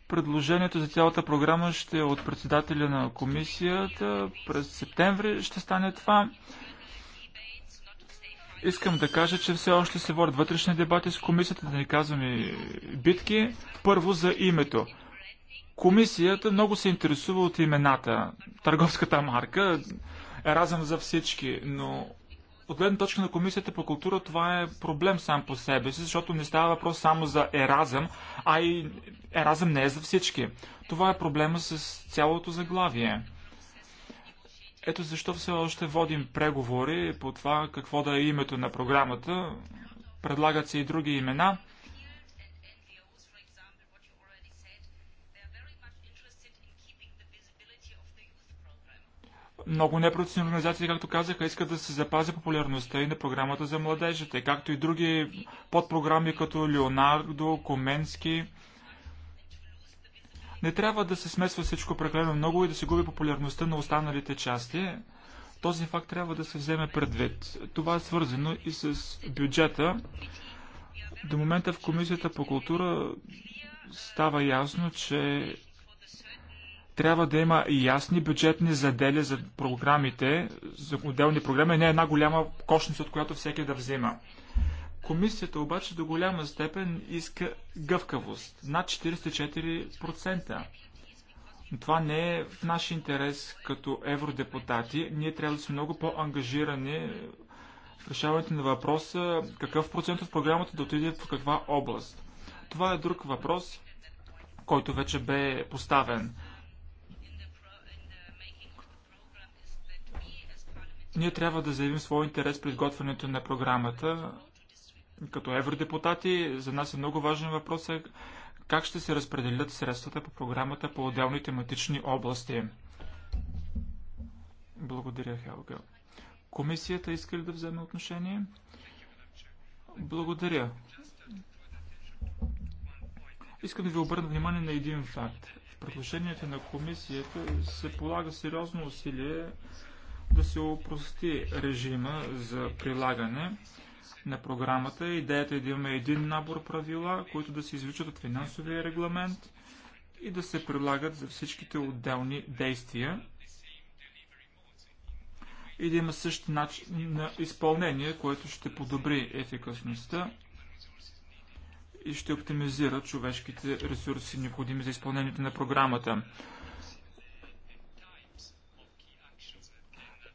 Предложението за цялата програма ще е от председателя на комисията. През септември ще стане това. Искам да кажа, че все още се водят вътрешни дебати с комисията, да не казваме битки. Първо за името. Комисията много се интересува от имената. Търговската марка е разъм за всички, но от гледна точка на Комисията по култура това е проблем сам по себе си, защото не става въпрос само за еразъм, а и еразъм не е за всички. Това е проблема с цялото заглавие. Ето защо все още водим преговори по това какво да е името на програмата. Предлагат се и други имена. Много непроцесни организации, както казаха, искат да се запази популярността и на програмата за младежите, както и други подпрограми като Леонардо, Коменски. Не трябва да се смесва всичко прекалено много и да се губи популярността на останалите части. Този факт трябва да се вземе предвид. Това е свързано и с бюджета. До момента в Комисията по култура става ясно, че трябва да има ясни бюджетни задели за програмите, за отделни програми, не е една голяма кошница, от която всеки да взема. Комисията обаче до голяма степен иска гъвкавост, над 44%. Но това не е в наш интерес като евродепутати. Ние трябва да сме много по-ангажирани в решаването на въпроса какъв процент от програмата да отиде в каква област. Това е друг въпрос, който вече бе поставен. Ние трябва да заявим своя интерес при изготвянето на програмата, като евродепутати за нас е много важен въпрос е как ще се разпределят средствата по програмата по отделни тематични области. Благодаря, Хелга. Комисията иска ли да вземе отношение? Благодаря. Искам да ви обърна внимание на един факт. В предложението на комисията се полага сериозно усилие да се опрости режима за прилагане на програмата. Идеята е да имаме един набор правила, които да се извличат от финансовия регламент и да се прилагат за всичките отделни действия и да има същ начин на изпълнение, което ще подобри ефикасността и ще оптимизира човешките ресурси, необходими за изпълнението на програмата.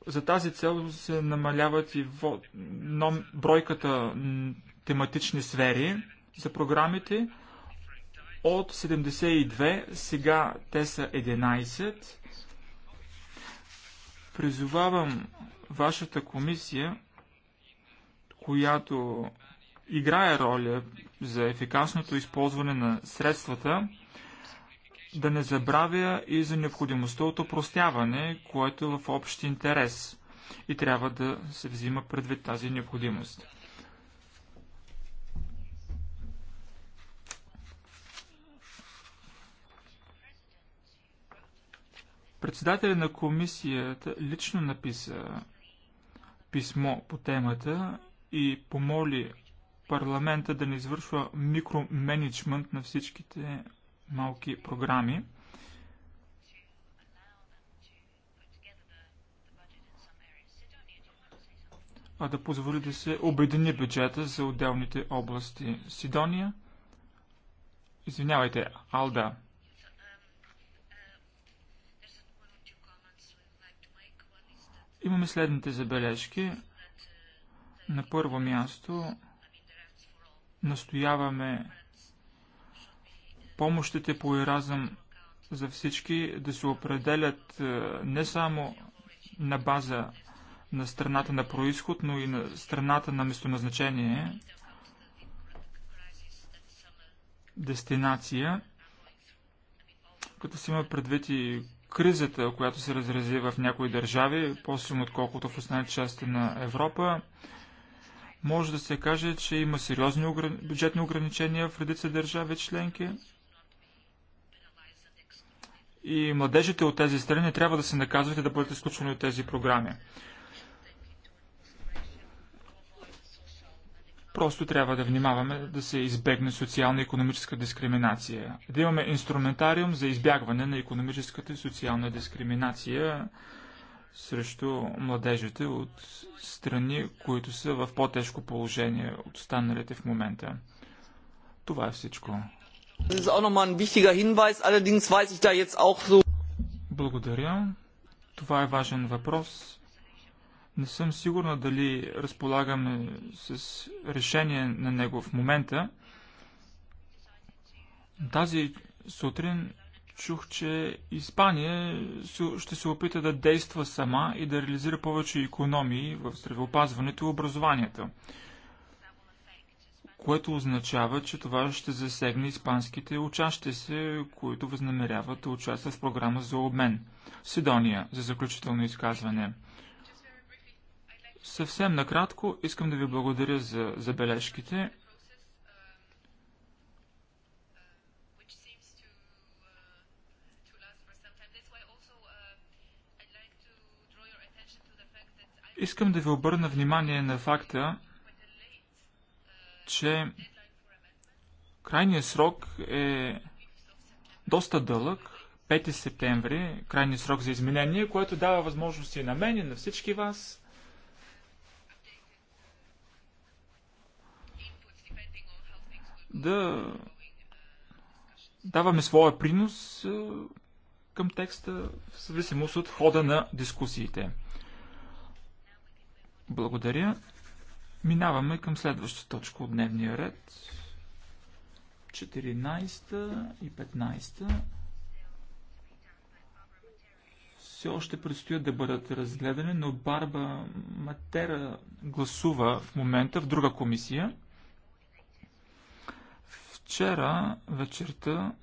За тази цел се намаляват и в... ном... бройката тематични сфери за програмите. От 72 сега те са 11. Призовавам вашата комисия, която играе роля за ефикасното използване на средствата, да не забравя и за необходимостта от опростяване, което е в общ интерес и трябва да се взима предвид тази необходимост. Председателят на комисията лично написа писмо по темата и помоли парламента да не извършва микроменеджмент на всичките малки програми. а да позволи да се обедини бюджета за отделните области. Сидония, извинявайте, Алда. Имаме следните забележки. На първо място настояваме помощите по Еразъм за всички да се определят е, не само на база на страната на происход, но и на страната на местоназначение, дестинация, като се има предвид и кризата, която се разрази в някои държави, по-силно отколкото в останалите части на Европа, може да се каже, че има сериозни бюджетни ограничения в редица държави членки и младежите от тези страни трябва да се наказват и да бъдат изключвани от тези програми. Просто трябва да внимаваме да се избегне социална и економическа дискриминация. Да имаме инструментариум за избягване на економическата и социална дискриминация срещу младежите от страни, които са в по-тежко положение от останалите в момента. Това е всичко. Das ist auch ein wichtiger Hinweis, allerdings weiß ich da jetzt auch so. Благодаря. Това е важен въпрос. Не съм сигурна дали разполагаме с решение на него в момента. Тази сутрин чух, че Испания ще се опита да действа сама и да реализира повече економии в здравеопазването и образованието което означава, че това ще засегне испанските учащи се, които възнамеряват да участват в програма за обмен. Сидония, за заключително изказване. Съвсем накратко искам да ви благодаря за забележките. Искам да ви обърна внимание на факта, че крайният срок е доста дълъг, 5 септември, крайният срок за изменение, което дава възможности на мен и на всички вас да даваме своя принос е, към текста в зависимост от хода на дискусиите. Благодаря. Минаваме към следващата точка от дневния ред. 14 и 15 все още предстоят да бъдат разгледани, но Барба Матера гласува в момента в друга комисия. Вчера вечерта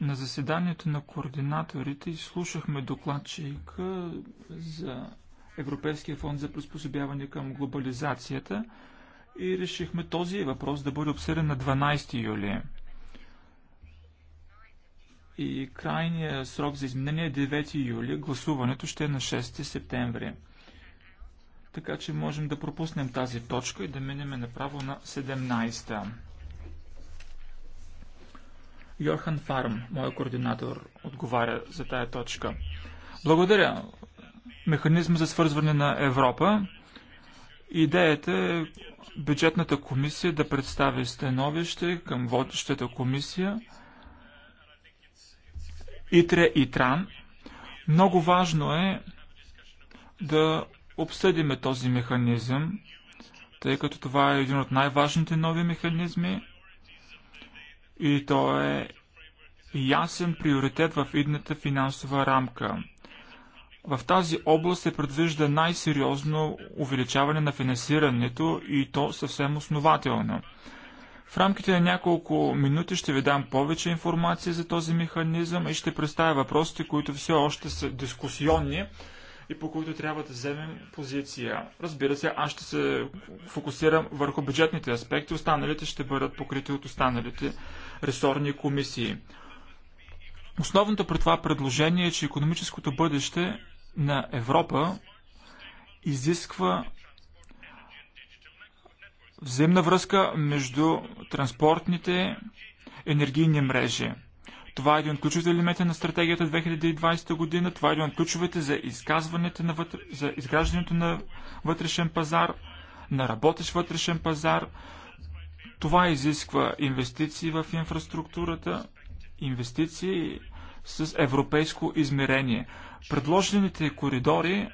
на заседанието на координаторите изслушахме докладчика за Европейския фонд за приспособяване към глобализацията и решихме този въпрос да бъде обсъден на 12 юли. И крайният срок за изменение е 9 юли. Гласуването ще е на 6 септември. Така че можем да пропуснем тази точка и да минем направо на 17-та. Йорхан Фарм, моят координатор, отговаря за тая точка. Благодаря, Механизъм за свързване на Европа. Идеята е бюджетната комисия да представи становище към водещата комисия ИТРЕ и ТРАН. Много важно е да обсъдиме този механизъм, тъй като това е един от най-важните нови механизми и то е ясен приоритет в идната финансова рамка – в тази област се предвижда най-сериозно увеличаване на финансирането и то съвсем основателно. В рамките на няколко минути ще ви дам повече информация за този механизъм и ще представя въпросите, които все още са дискусионни и по които трябва да вземем позиция. Разбира се, аз ще се фокусирам върху бюджетните аспекти, останалите ще бъдат покрити от останалите ресорни комисии. Основното при това предложение е, че економическото бъдеще на Европа изисква взаимна връзка между транспортните енергийни мрежи. Това е един от ключовите елементи на стратегията 2020 година. Това е един от ключовете за, на за изграждането на вътрешен пазар, на работещ вътрешен пазар. Това изисква инвестиции в инфраструктурата, инвестиции с европейско измерение. Предложените коридори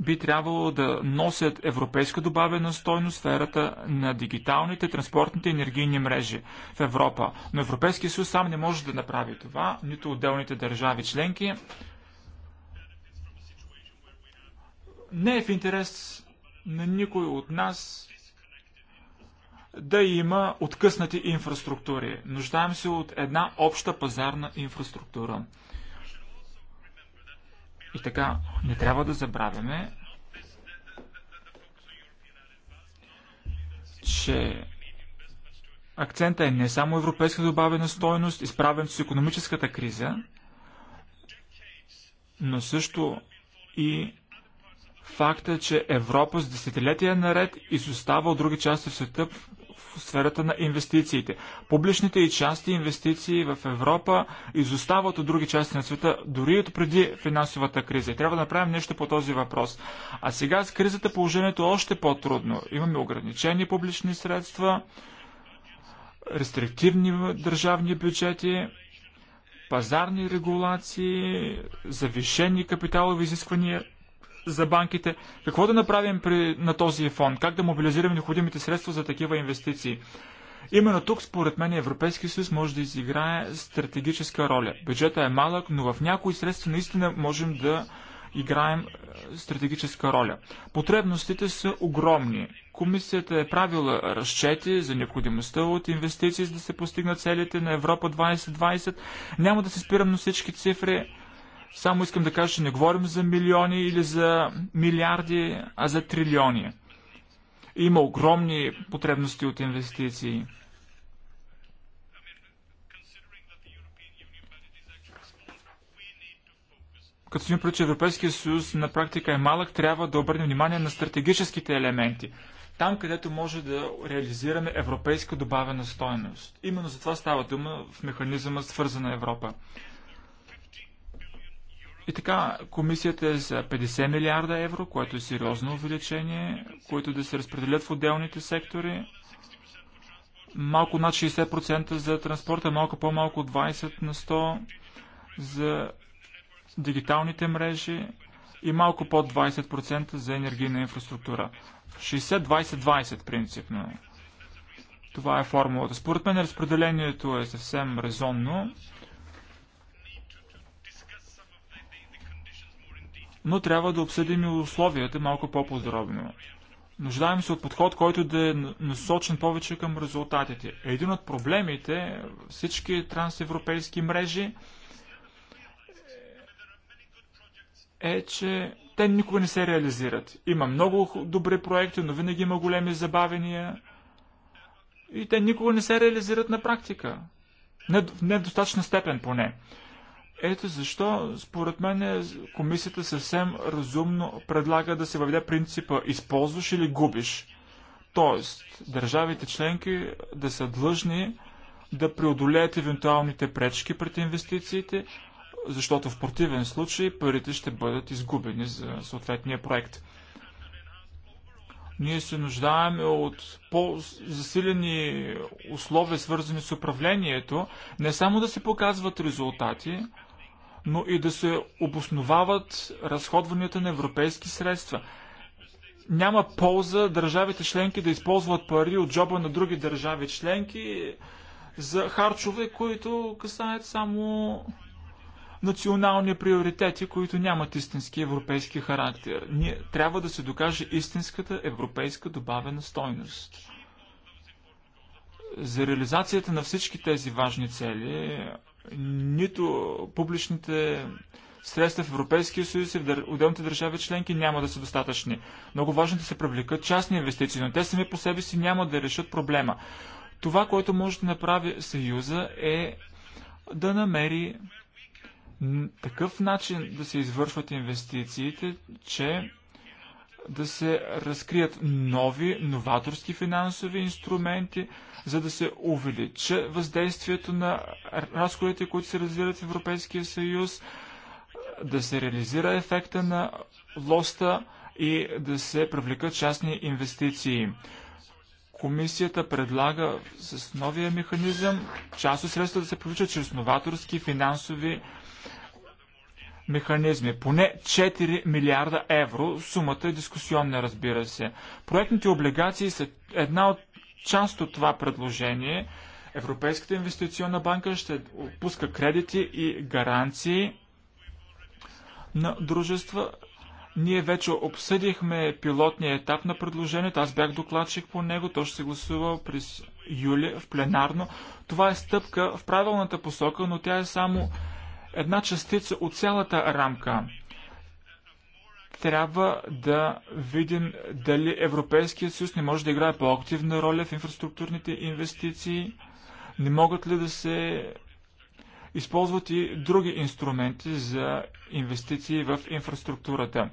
би трябвало да носят европейска добавена стойност в сферата на дигиталните, транспортните и енергийни мрежи в Европа. Но Европейския съюз сам не може да направи това, нито отделните държави членки. Не е в интерес на никой от нас да има откъснати инфраструктури. Нуждаем се от една обща пазарна инфраструктура. И така, не трябва да забравяме, че акцента е не само европейска добавена стойност, изправенето с економическата криза, но също и факта, че Европа с десетилетия наред изостава от други части в света сферата на инвестициите. Публичните и части инвестиции в Европа изостават от други части на света, дори и преди финансовата криза. И трябва да направим нещо по този въпрос. А сега с кризата положението е още по-трудно. Имаме ограничени публични средства, рестриктивни държавни бюджети, пазарни регулации, завишени капиталови изисквания за банките. Какво да направим при, на този фонд? Как да мобилизираме необходимите средства за такива инвестиции? Именно тук, според мен, Европейския съюз може да изиграе стратегическа роля. Бюджета е малък, но в някои средства наистина можем да играем е, стратегическа роля. Потребностите са огромни. Комисията е правила разчети за необходимостта от инвестиции, за да се постигнат целите на Европа 2020. Няма да се спирам на всички цифри. Само искам да кажа, че не говорим за милиони или за милиарди, а за трилиони. Има огромни потребности от инвестиции. Като си че Европейския съюз на практика е малък, трябва да обърнем внимание на стратегическите елементи. Там, където може да реализираме европейска добавена стоеност. Именно за това става дума в механизма свързана Европа. И така, комисията е за 50 милиарда евро, което е сериозно увеличение, които да се разпределят в отделните сектори. Малко над 60% за транспорта, малко по-малко 20 на 100 за дигиталните мрежи и малко под 20% за енергийна инфраструктура. 60-20-20 принципно. Това е формулата. Според мен разпределението е съвсем резонно. но трябва да обсъдим и условията малко по-подробно. Нуждаем се от подход, който да е насочен повече към резултатите. Един от проблемите всички трансевропейски мрежи е, че те никога не се реализират. Има много добри проекти, но винаги има големи забавения и те никога не се реализират на практика. Не в недостатъчна степен поне. Ето защо, според мен, комисията съвсем разумно предлага да се въведе принципа използваш или губиш. Тоест, държавите членки да са длъжни да преодолеят евентуалните пречки пред инвестициите, защото в противен случай парите ще бъдат изгубени за съответния проект. Ние се нуждаем от по-засилени условия, свързани с управлението, не само да се показват резултати, но и да се обосновават разходванията на европейски средства. Няма полза държавите членки да използват пари от джоба на други държави членки за харчове, които касаят само национални приоритети, които нямат истински европейски характер. Ние трябва да се докаже истинската европейска добавена стойност. За реализацията на всички тези важни цели нито публичните средства в Европейския съюз и в отделните държави членки няма да са достатъчни. Много важно е да се привлекат частни инвестиции, но те сами по себе си няма да решат проблема. Това, което може да направи Съюза е да намери такъв начин да се извършват инвестициите, че да се разкрият нови, новаторски финансови инструменти, за да се увеличи въздействието на разходите, които се развиват в Европейския съюз, да се реализира ефекта на лоста и да се привлекат частни инвестиции. Комисията предлага с новия механизъм част от средства да се получат чрез новаторски финансови механизми. Поне 4 милиарда евро. Сумата е дискусионна, разбира се. Проектните облигации са една от част от това предложение. Европейската инвестиционна банка ще отпуска кредити и гаранции на дружества. Ние вече обсъдихме пилотния етап на предложението. Аз бях докладчик по него. То ще се гласува през юли в пленарно. Това е стъпка в правилната посока, но тя е само една частица от цялата рамка. Трябва да видим дали Европейският съюз не може да играе по-активна роля в инфраструктурните инвестиции, не могат ли да се използват и други инструменти за инвестиции в инфраструктурата.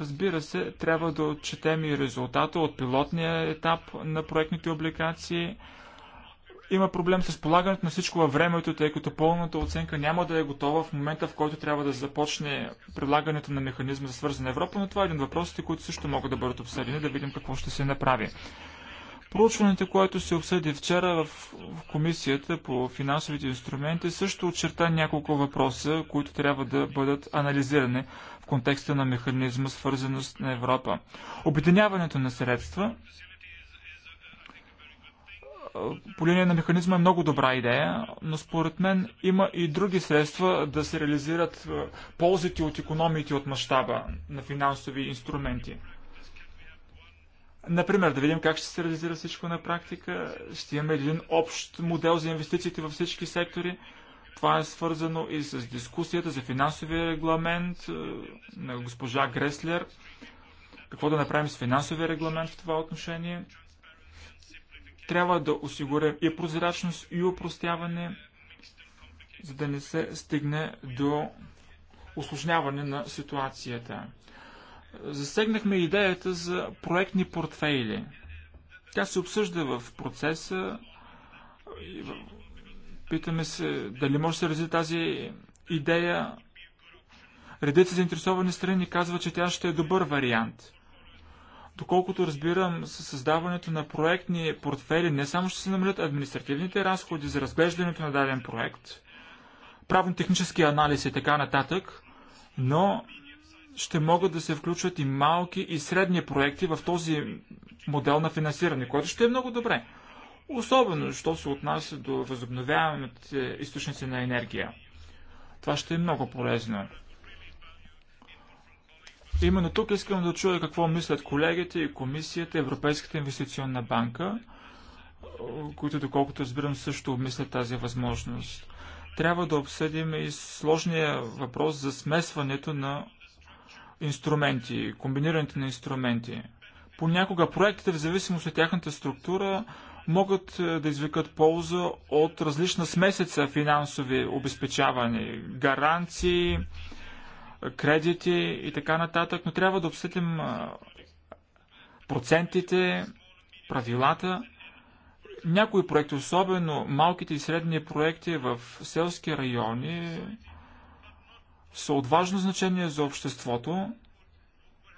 Разбира се, трябва да отчетем и резултата от пилотния етап на проектните обликации – има проблем с полагането на всичко във времето, тъй като пълната оценка няма да е готова в момента, в който трябва да започне предлагането на механизма за свързана Европа, но това е един от въпросите, които също могат да бъдат обсъдени, да видим какво ще се направи. Проучването, което се обсъди вчера в комисията по финансовите инструменти, също очерта няколко въпроса, които трябва да бъдат анализирани в контекста на механизма свързаност на Европа. Обединяването на средства, по линия на механизма е много добра идея, но според мен има и други средства да се реализират е, ползите от економиите от мащаба на финансови инструменти. Например, да видим как ще се реализира всичко на практика. Ще имаме един общ модел за инвестициите във всички сектори. Това е свързано и с дискусията за финансовия регламент е, на госпожа Греслер. Какво да направим с финансовия регламент в това отношение? Трябва да осигурим и прозрачност, и упростяване, за да не се стигне до осложняване на ситуацията. Засегнахме идеята за проектни портфейли. Тя се обсъжда в процеса. Питаме се дали може да се развие тази идея. Редица заинтересовани страни казва, че тя ще е добър вариант. Доколкото разбирам, с създаването на проектни портфели не само ще се намалят административните разходи за разглеждането на даден проект, правно-технически анализ и така нататък, но ще могат да се включват и малки и средни проекти в този модел на финансиране, което ще е много добре. Особено, що се отнася до възобновяемите източници на енергия. Това ще е много полезно. Именно тук искам да чуя какво мислят колегите и комисията, Европейската инвестиционна банка, които доколкото разбирам също обмислят тази възможност. Трябва да обсъдим и сложния въпрос за смесването на инструменти, комбинирането на инструменти. Понякога проектите, в зависимост от тяхната структура, могат е, да извикат полза от различна смесеца финансови обезпечаване, гаранции, кредити и така нататък, но трябва да обсъдим процентите, правилата. Някои проекти, особено малките и средни проекти в селски райони, са от важно значение за обществото,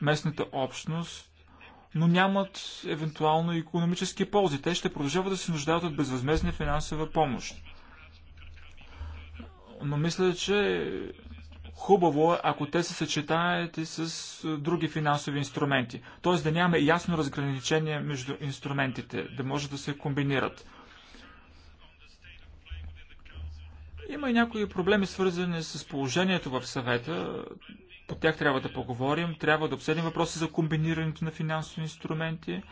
местната общност, но нямат евентуално економически ползи. Те ще продължават да се нуждаят от безвъзмезна финансова помощ. Но мисля, че Хубаво е, ако те се съчетаят и с други финансови инструменти. Т.е. да нямаме ясно разграничение между инструментите, да може да се комбинират. Има и някои проблеми, свързани с положението в съвета. По тях трябва да поговорим. Трябва да обсъдим въпроси за комбинирането на финансови инструменти.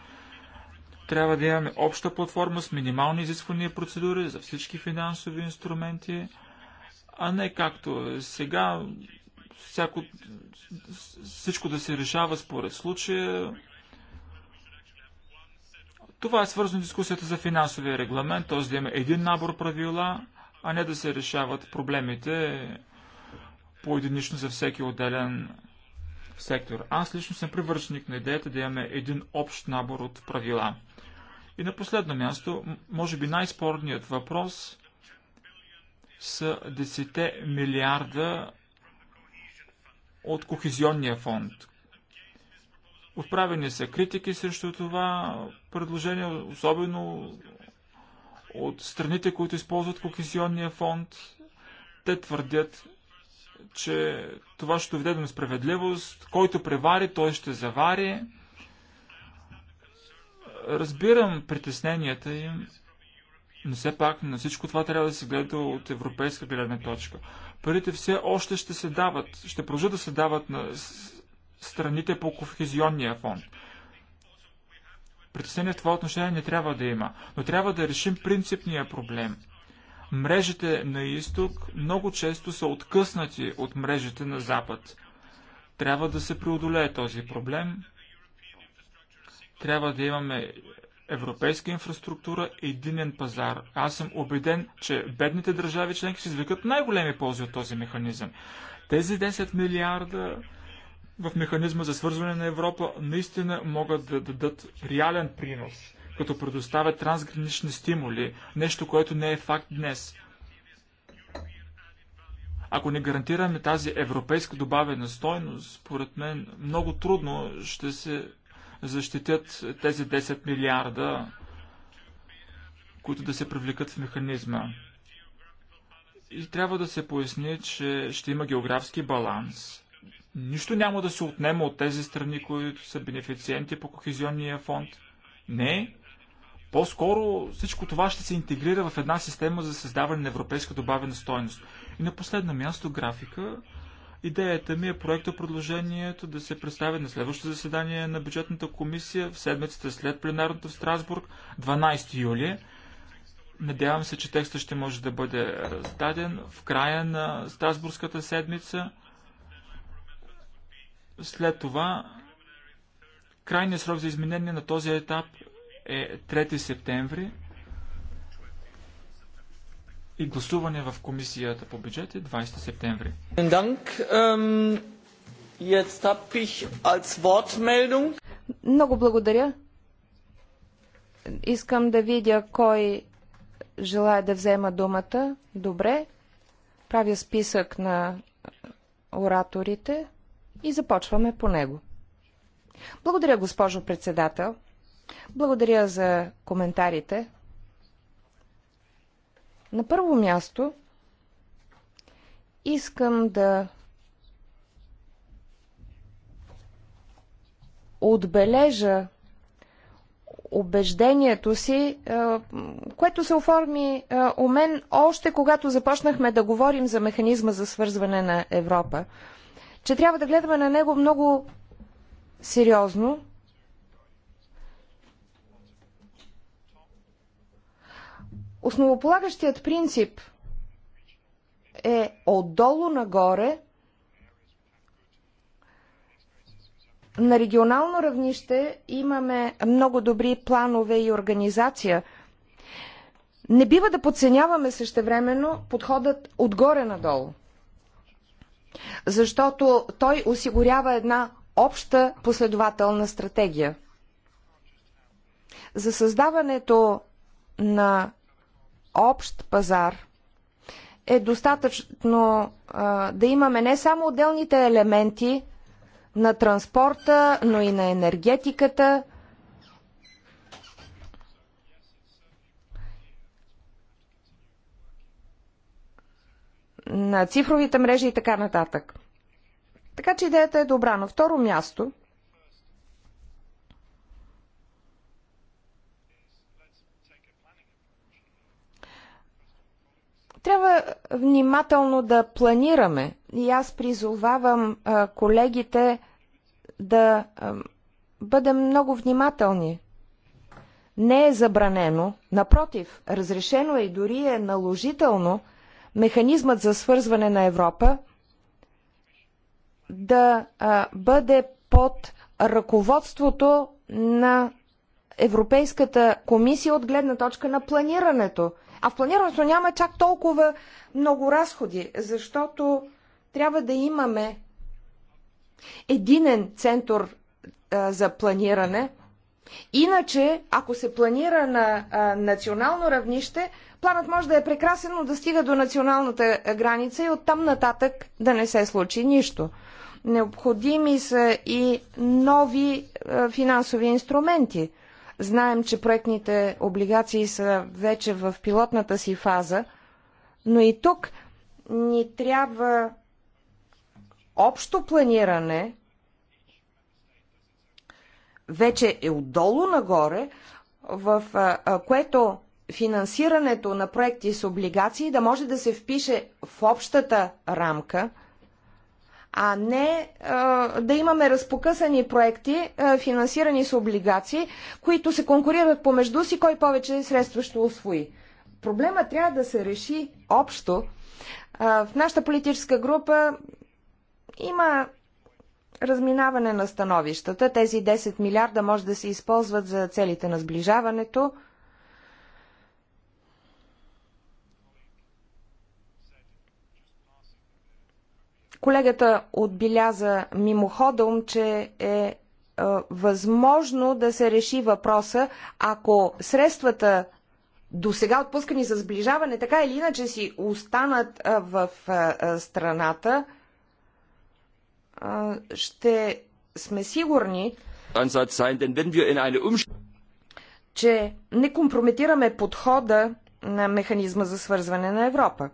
Трябва да имаме обща платформа с минимални изисквания и процедури за всички финансови инструменти а не както е. сега всяко, всичко да се решава според случая. Това е свързано с дискусията за финансовия регламент, т.е. да има един набор правила, а не да се решават проблемите по-единично за всеки отделен сектор. Аз лично съм привърженик на идеята да имаме един общ набор от правила. И на последно място, може би най-спорният въпрос с 10 милиарда от Кохезионния фонд. Отправени са критики срещу това предложение, особено от страните, които използват Кохезионния фонд. Те твърдят, че това ще доведе до несправедливост. Който превари, той ще завари. Разбирам притесненията им, но все пак на всичко това трябва да се гледа от европейска гледна точка. Парите все още ще се дават, ще продължат да се дават на страните по кохезионния фонд. Притеснение в това отношение не трябва да има, но трябва да решим принципния проблем. Мрежите на изток много често са откъснати от мрежите на запад. Трябва да се преодолее този проблем. Трябва да имаме европейска инфраструктура и единен пазар. Аз съм убеден, че бедните държави членки ще извлекат най-големи ползи от този механизъм. Тези 10 милиарда в механизма за свързване на Европа наистина могат да дадат реален принос, като предоставят трансгранични стимули, нещо, което не е факт днес. Ако не гарантираме тази европейска добавена стойност, според мен много трудно ще се защитят тези 10 милиарда, които да се привлекат в механизма. И трябва да се поясни, че ще има географски баланс. Нищо няма да се отнема от тези страни, които са бенефициенти по Кохезионния фонд. Не. По-скоро всичко това ще се интегрира в една система за създаване на европейска добавена стойност. И на последно място графика Идеята ми е проекта предложението да се представи на следващото заседание на бюджетната комисия в седмицата след пленарното в Страсбург, 12 юли. Надявам се, че текстът ще може да бъде раздаден в края на Страсбургската седмица. След това, крайният срок за изменение на този етап е 3 септември и гласуване в комисията по бюджети е 20 септември. Много благодаря. Искам да видя кой желая да взема думата. Добре. Правя списък на ораторите и започваме по него. Благодаря, госпожо председател. Благодаря за коментарите. На първо място искам да отбележа убеждението си, е, което се оформи е, у мен още когато започнахме да говорим за механизма за свързване на Европа, че трябва да гледаме на него много сериозно Основополагащият принцип е отдолу нагоре на регионално равнище имаме много добри планове и организация. Не бива да подценяваме същевременно подходът отгоре надолу, защото той осигурява една обща последователна стратегия. За създаването на общ пазар е достатъчно а, да имаме не само отделните елементи на транспорта, но и на енергетиката. на цифровите мрежи и така нататък. Така че идеята е добра. На второ място, Трябва внимателно да планираме и аз призовавам а, колегите да а, бъдем много внимателни. Не е забранено, напротив, разрешено е и дори е наложително механизмът за свързване на Европа да а, бъде под ръководството на Европейската комисия от гледна точка на планирането а в планирането няма чак толкова много разходи, защото трябва да имаме единен център а, за планиране. Иначе, ако се планира на а, национално равнище, планът може да е прекрасен, но да стига до националната граница и оттам нататък да не се случи нищо. Необходими са и нови а, финансови инструменти. Знаем, че проектните облигации са вече в пилотната си фаза, но и тук ни трябва общо планиране, вече е отдолу нагоре, в което финансирането на проекти с облигации да може да се впише в общата рамка а не а, да имаме разпокъсани проекти, а, финансирани с облигации, които се конкурират помежду си, кой повече средства ще освои. Проблема трябва да се реши общо. А, в нашата политическа група има разминаване на становищата. Тези 10 милиарда може да се използват за целите на сближаването – Колегата отбеляза мимоходом, че е, е възможно да се реши въпроса, ако средствата до сега отпускани за сближаване, така или иначе си останат в страната, ще сме сигурни, че не компрометираме подхода на механизма за свързване на Европа.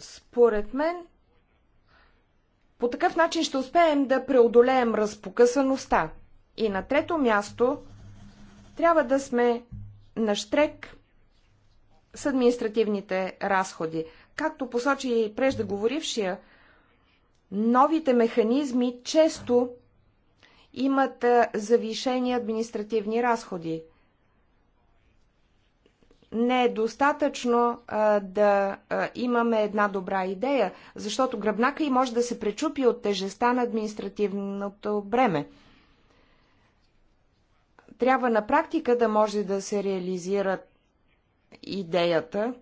Според мен, по такъв начин ще успеем да преодолеем разпокъсаността. И на трето място, трябва да сме на штрек с административните разходи. Както посочи и преждеговорившия, новите механизми често имат завишени административни разходи – не е достатъчно а, да а, имаме една добра идея, защото гръбнака и може да се пречупи от тежеста на административното бреме. Трябва на практика да може да се реализира идеята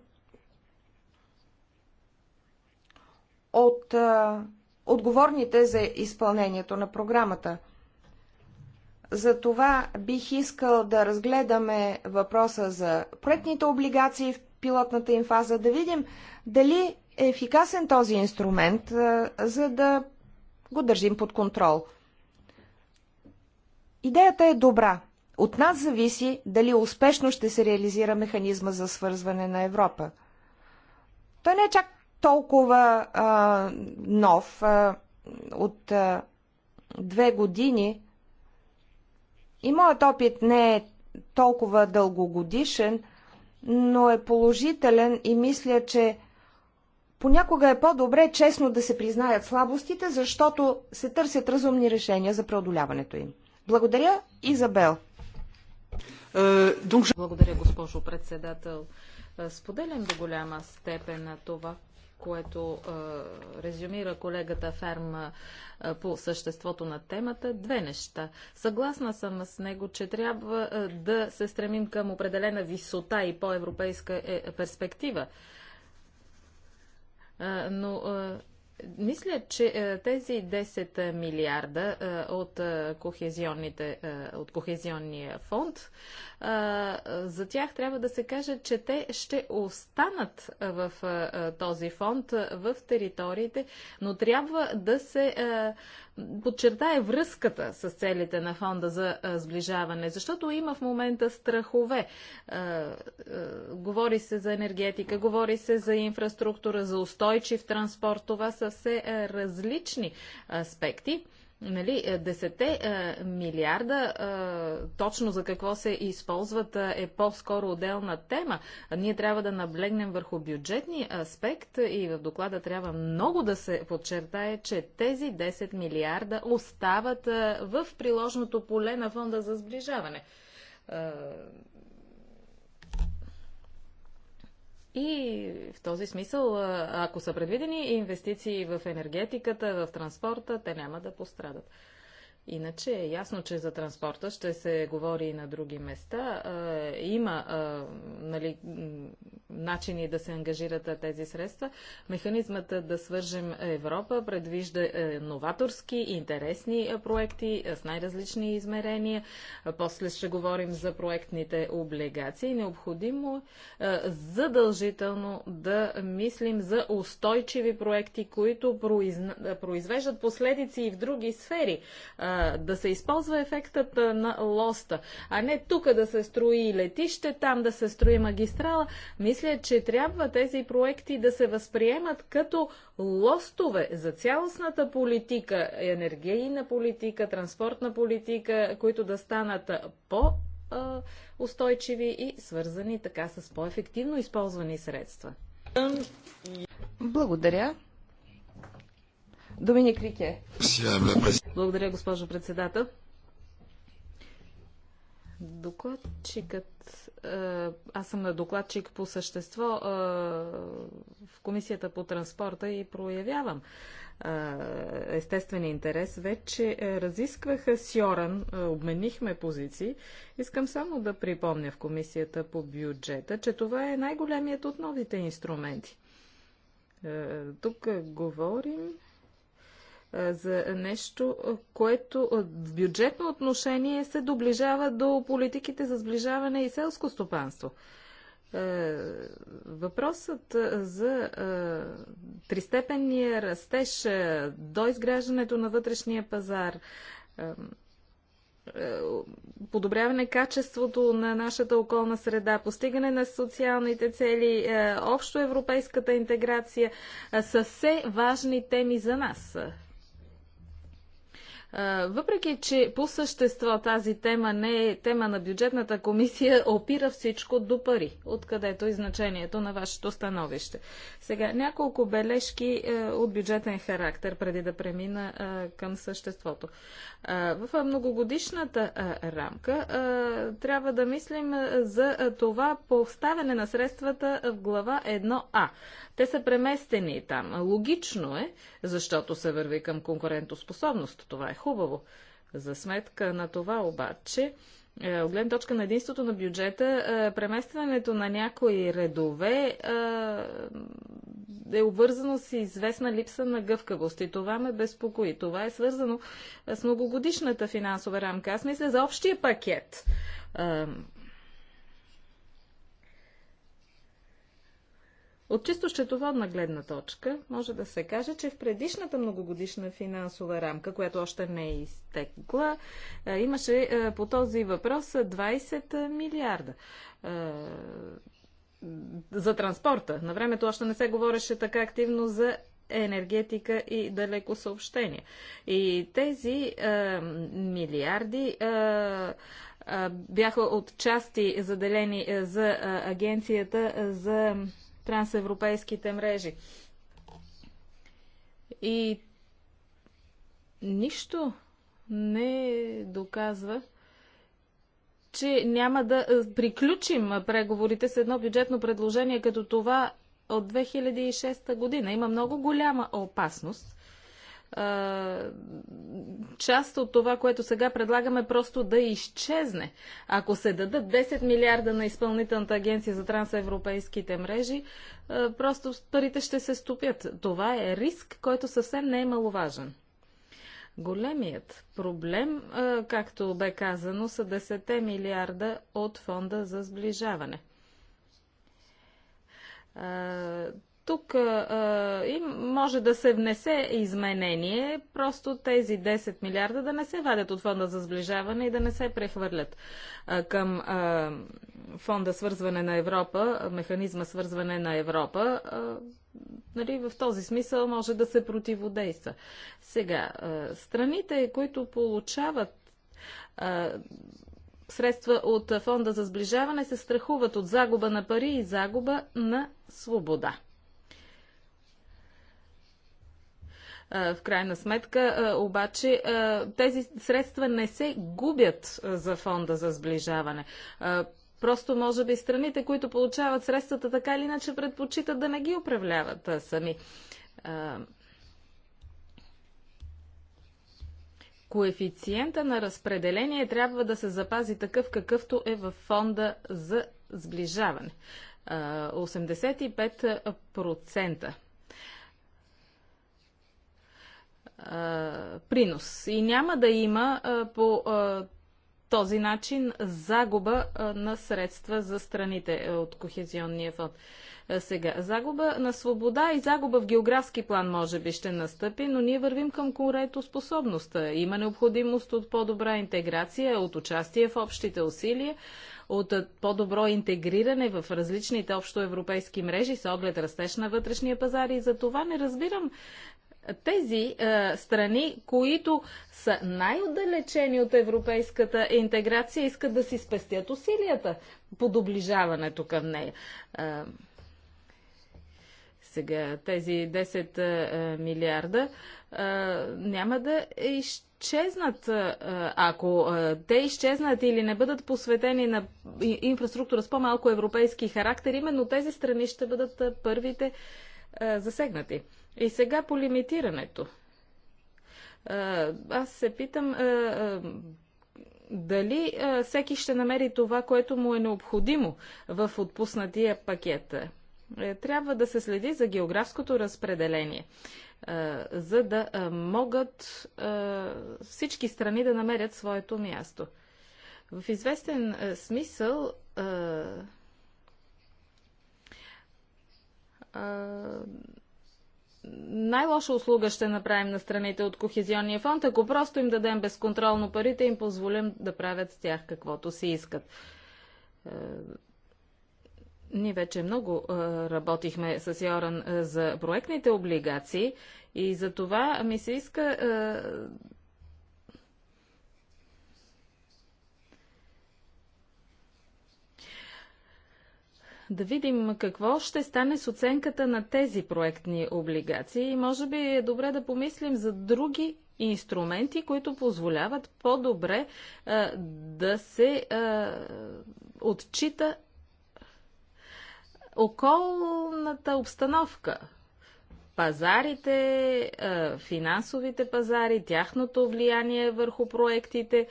от а, отговорните за изпълнението на програмата – затова бих искал да разгледаме въпроса за проектните облигации в пилотната им фаза, да видим дали е ефикасен този инструмент, за да го държим под контрол. Идеята е добра. От нас зависи дали успешно ще се реализира механизма за свързване на Европа. Той не е чак толкова а, нов. А, от а, две години и моят опит не е толкова дългогодишен, но е положителен и мисля, че понякога е по-добре честно да се признаят слабостите, защото се търсят разумни решения за преодоляването им. Благодаря, Изабел. Е, Благодаря, госпожо председател. Е, споделям до голяма степен на това, което е, резюмира колегата Ферм е, по съществото на темата, две неща. Съгласна съм с него, че трябва е, да се стремим към определена висота и по-европейска е, перспектива. Е, но е, мисля, че тези 10 милиарда от, кохезионните, от кохезионния фонд за тях трябва да се каже, че те ще останат в този фонд, в териториите, но трябва да се подчертае връзката с целите на фонда за сближаване, защото има в момента страхове. Говори се за енергетика, говори се за инфраструктура, за устойчив транспорт. Това са все различни аспекти. Нали, 10 е, е, милиарда е, точно за какво се използват е по-скоро отделна тема. Ние трябва да наблегнем върху бюджетни аспект и в доклада трябва много да се подчертае, че тези 10 милиарда остават в приложното поле на фонда за сближаване И в този смисъл, ако са предвидени инвестиции в енергетиката, в транспорта, те няма да пострадат. Иначе е ясно, че за транспорта ще се говори и на други места. Има нали, начини да се ангажират тези средства. Механизмата да свържем Европа предвижда е, новаторски, интересни проекти с най-различни измерения. После ще говорим за проектните облигации. Необходимо задължително да мислим за устойчиви проекти, които произвеждат последици и в други сфери да се използва ефектът на лоста, а не тук да се строи летище, там да се строи магистрала. Мисля, че трябва тези проекти да се възприемат като лостове за цялостната политика, енергийна политика, транспортна политика, които да станат по- устойчиви и свързани така с по-ефективно използвани средства. Благодаря. Доминик Рике. Благодаря, госпожо председател. Докладчикът, е, аз съм на докладчик по същество е, в Комисията по транспорта и проявявам е, естествен интерес. Вече разискваха Сьоран, обменихме позиции. Искам само да припомня в Комисията по бюджета, че това е най-големият от новите инструменти. Тук говорим за нещо, което в бюджетно отношение се доближава до политиките за сближаване и селско стопанство. Въпросът за тристепенния растеж до изграждането на вътрешния пазар, подобряване качеството на нашата околна среда, постигане на социалните цели, общо европейската интеграция са все важни теми за нас. Въпреки, че по същество тази тема не е тема на бюджетната комисия, опира всичко до пари, откъдето и значението на вашето становище. Сега, няколко бележки е, от бюджетен характер, преди да премина е, към съществото. Е, в многогодишната рамка трябва да мислим за това поставяне на средствата в глава 1А. Те са преместени там. Логично е, защото се върви към конкурентоспособност. Това е хубаво. За сметка на това обаче, е, от гледна точка на единството на бюджета, е, преместването на някои редове е, е обвързано с известна липса на гъвкавост и това ме безпокои. Това е свързано с многогодишната финансова рамка. Аз мисля за общия пакет От чисто счетоводна гледна точка може да се каже, че в предишната многогодишна финансова рамка, която още не е изтекла, е, имаше е, по този въпрос 20 милиарда. Е, за транспорта. На времето още не се говореше така активно за енергетика и далеко съобщение. И тези е, милиарди е, е, бяха отчасти заделени за агенцията за трансевропейските мрежи. И нищо не доказва, че няма да е, приключим преговорите с едно бюджетно предложение като това от 2006 година. Има много голяма опасност част от това, което сега предлагаме, просто да изчезне. Ако се дадат 10 милиарда на Изпълнителната агенция за трансевропейските мрежи, просто парите ще се стопят. Това е риск, който съвсем не е маловажен. Големият проблем, както бе казано, са 10 милиарда от фонда за сближаване тук а, и може да се внесе изменение, просто тези 10 милиарда да не се вадят от фонда за сближаване и да не се прехвърлят а, към а, фонда свързване на Европа, механизма свързване на Европа. А, нали, в този смисъл може да се противодейства. Сега, а, страните, които получават а, средства от фонда за сближаване, се страхуват от загуба на пари и загуба на свобода. в крайна сметка. Обаче тези средства не се губят за фонда за сближаване. Просто може би страните, които получават средствата така или иначе, предпочитат да не ги управляват сами. Коефициента на разпределение трябва да се запази такъв, какъвто е в фонда за сближаване. 85%. принос. И няма да има по този начин загуба на средства за страните от Кохезионния фонд. Сега, загуба на свобода и загуба в географски план може би ще настъпи, но ние вървим към конкурентоспособността. Има необходимост от по-добра интеграция, от участие в общите усилия, от по-добро интегриране в различните общоевропейски мрежи с оглед растеж на вътрешния пазар. И за това не разбирам тези е, страни, които са най-отдалечени от европейската интеграция, искат да си спестят усилията по доближаването към нея. Е, сега тези 10 е, милиарда е, няма да изчезнат, е, ако е, те изчезнат или не бъдат посветени на инфраструктура с по-малко европейски характер, именно тези страни ще бъдат е, първите засегнати. И сега по лимитирането. Аз се питам дали всеки ще намери това, което му е необходимо в отпуснатия пакет. Е, трябва да се следи за географското разпределение, за да могат всички страни да намерят своето място. В известен смисъл най-лоша услуга ще направим на страните от Кохезионния фонд, ако просто им дадем безконтролно парите и им позволим да правят с тях каквото си искат. Е, ние вече много е, работихме с Йоран е, за проектните облигации и за това ми се иска да видим какво ще стане с оценката на тези проектни облигации. Може би е добре да помислим за други инструменти, които позволяват по-добре да се а, отчита околната обстановка, пазарите, финансовите пазари, тяхното влияние върху проектите.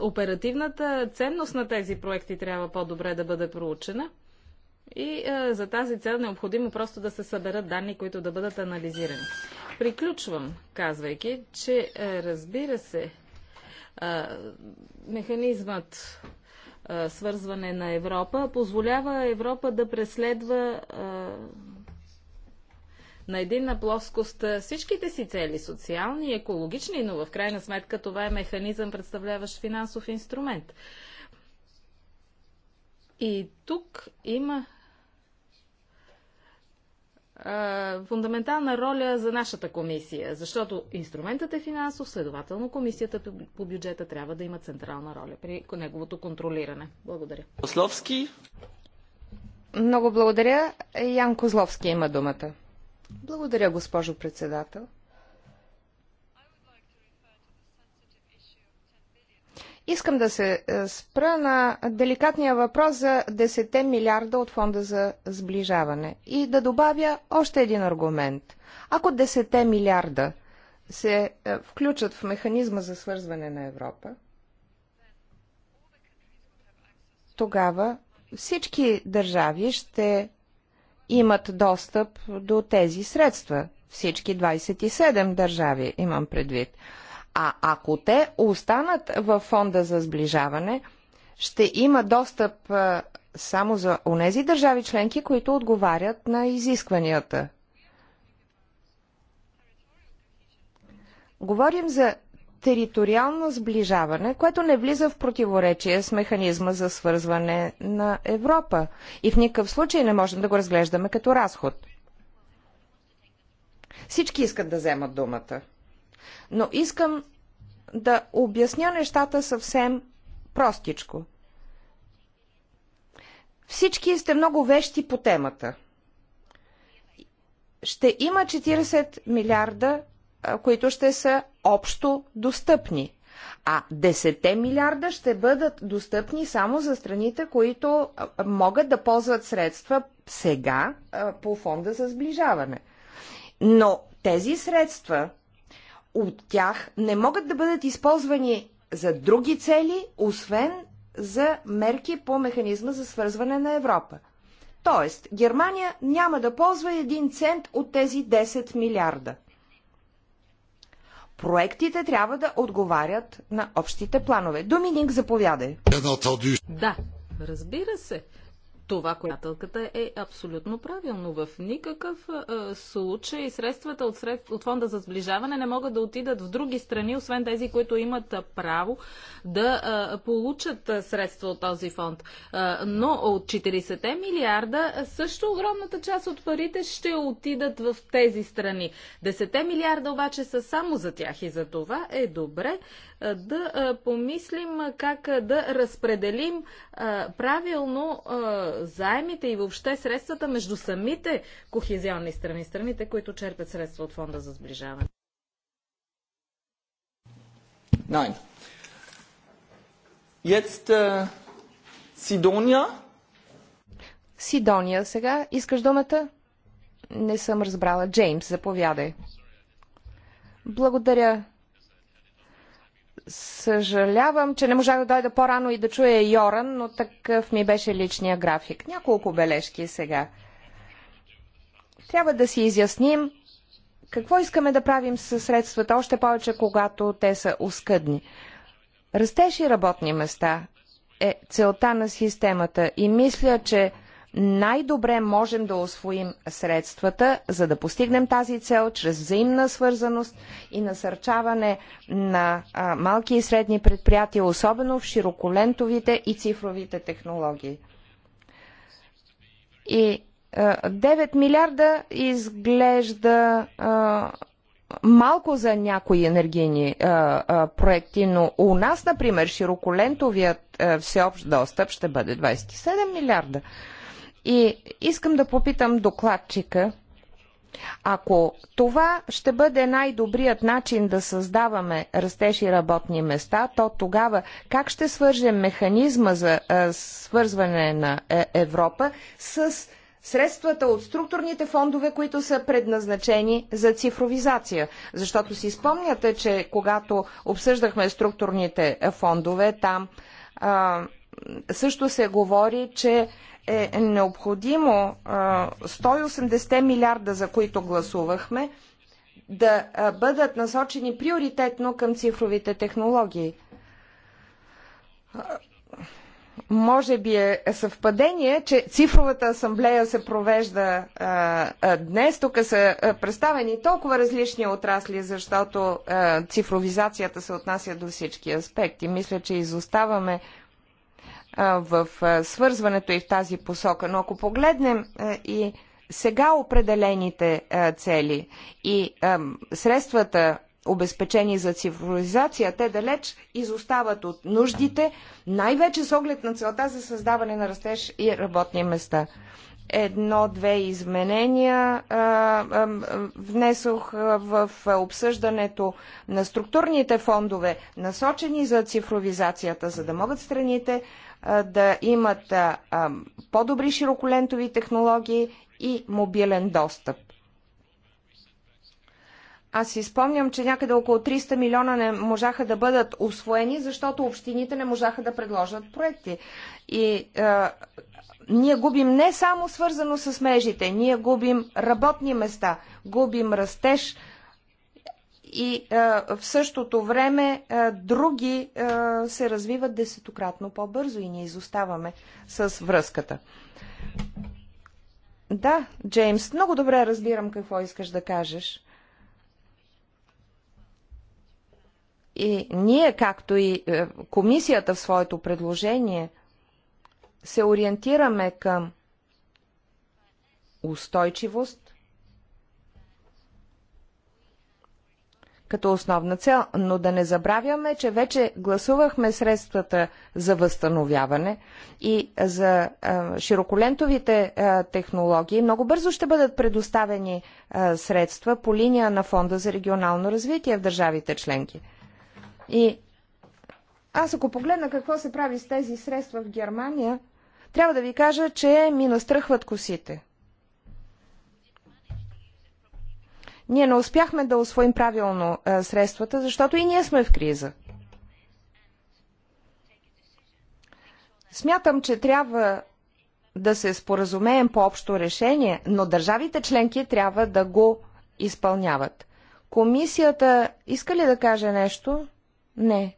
Оперативната ценност на тези проекти трябва по-добре да бъде проучена. И за тази цел необходимо просто да се съберат данни, които да бъдат анализирани. Приключвам, казвайки, че разбира се, механизмът свързване на Европа позволява Европа да преследва на единна плоскост всичките си цели, социални и екологични, но в крайна сметка това е механизъм, представляващ финансов инструмент. И тук има фундаментална роля за нашата комисия, защото инструментът е финансов, следователно комисията по бюджета трябва да има централна роля при неговото контролиране. Благодаря. Козловски. Много благодаря. Ян Козловски има думата. Благодаря, госпожо председател. Искам да се е, спра на деликатния въпрос за 10 милиарда от фонда за сближаване и да добавя още един аргумент. Ако 10 милиарда се е, включат в механизма за свързване на Европа, тогава всички държави ще имат достъп до тези средства. Всички 27 държави имам предвид. А ако те останат в фонда за сближаване, ще има достъп само за онези държави членки, които отговарят на изискванията. Говорим за териториално сближаване, което не влиза в противоречие с механизма за свързване на Европа и в никакъв случай не можем да го разглеждаме като разход. Всички искат да вземат думата, но искам да обясня нещата съвсем простичко. Всички сте много вещи по темата. Ще има 40 милиарда които ще са общо достъпни. А 10 милиарда ще бъдат достъпни само за страните, които могат да ползват средства сега по фонда за сближаване. Но тези средства от тях не могат да бъдат използвани за други цели, освен за мерки по механизма за свързване на Европа. Тоест, Германия няма да ползва един цент от тези 10 милиарда проектите трябва да отговарят на общите планове. Доминик, заповядай. Да, разбира се. Това, която е абсолютно правилно. В никакъв е, случай средствата от, сред... от фонда за сближаване не могат да отидат в други страни, освен тези, които имат право да е, получат средства от този фонд. Е, но от 40 милиарда също огромната част от парите ще отидат в тези страни. 10 милиарда обаче са само за тях и за това е добре да помислим как да разпределим правилно заемите и въобще средствата между самите кохезионни страни, страните, които черпят средства от фонда за сближаване. Nein. Jetzt äh, Sidonia. Сидония сега. Искаш думата? Не съм разбрала. Джеймс, заповядай. Благодаря, Съжалявам, че не можах да дойда по-рано и да чуя Йоран, но такъв ми беше личния график. Няколко бележки сега. Трябва да си изясним какво искаме да правим със средствата, още повече когато те са оскъдни. Растеж и работни места е целта на системата и мисля, че най-добре можем да освоим средствата, за да постигнем тази цел чрез взаимна свързаност и насърчаване на а, малки и средни предприятия, особено в широколентовите и цифровите технологии. И а, 9 милиарда изглежда а, малко за някои енергийни а, а, проекти, но у нас, например, широколентовият а, всеобщ достъп ще бъде 27 милиарда. И искам да попитам докладчика, ако това ще бъде най-добрият начин да създаваме растеж и работни места, то тогава как ще свържем механизма за свързване на е, Европа с средствата от структурните фондове, които са предназначени за цифровизация. Защото си спомняте, че когато обсъждахме структурните фондове, там а, също се говори, че е необходимо 180 милиарда, за които гласувахме, да бъдат насочени приоритетно към цифровите технологии. Може би е съвпадение, че цифровата асамблея се провежда а, а, днес. Тук са представени толкова различни отрасли, защото а, цифровизацията се отнася до всички аспекти. Мисля, че изоставаме в свързването и в тази посока. Но ако погледнем и сега определените цели и средствата обезпечени за цифровизация, те далеч изостават от нуждите, най-вече с оглед на целта за създаване на растеж и работни места. Едно-две изменения а, а, внесох в обсъждането на структурните фондове, насочени за цифровизацията, за да могат страните да имат по-добри широколентови технологии и мобилен достъп. Аз си спомням, че някъде около 300 милиона не можаха да бъдат освоени, защото общините не можаха да предложат проекти. И а, е, ние губим не само свързано с мрежите, ние губим работни места, губим растеж, и в същото време други се развиват десетократно по-бързо и ние изоставаме с връзката. Да, Джеймс, много добре разбирам какво искаш да кажеш. И ние, както и е, комисията в своето предложение, се ориентираме към устойчивост като основна цел. Но да не забравяме, че вече гласувахме средствата за възстановяване и за широколентовите технологии. Много бързо ще бъдат предоставени средства по линия на Фонда за регионално развитие в държавите членки. И аз ако погледна какво се прави с тези средства в Германия, трябва да ви кажа, че ми настръхват косите. Ние не успяхме да освоим правилно е, средствата, защото и ние сме в криза. Смятам, че трябва да се споразумеем по общо решение, но държавите членки трябва да го изпълняват. Комисията иска ли да каже нещо? Не.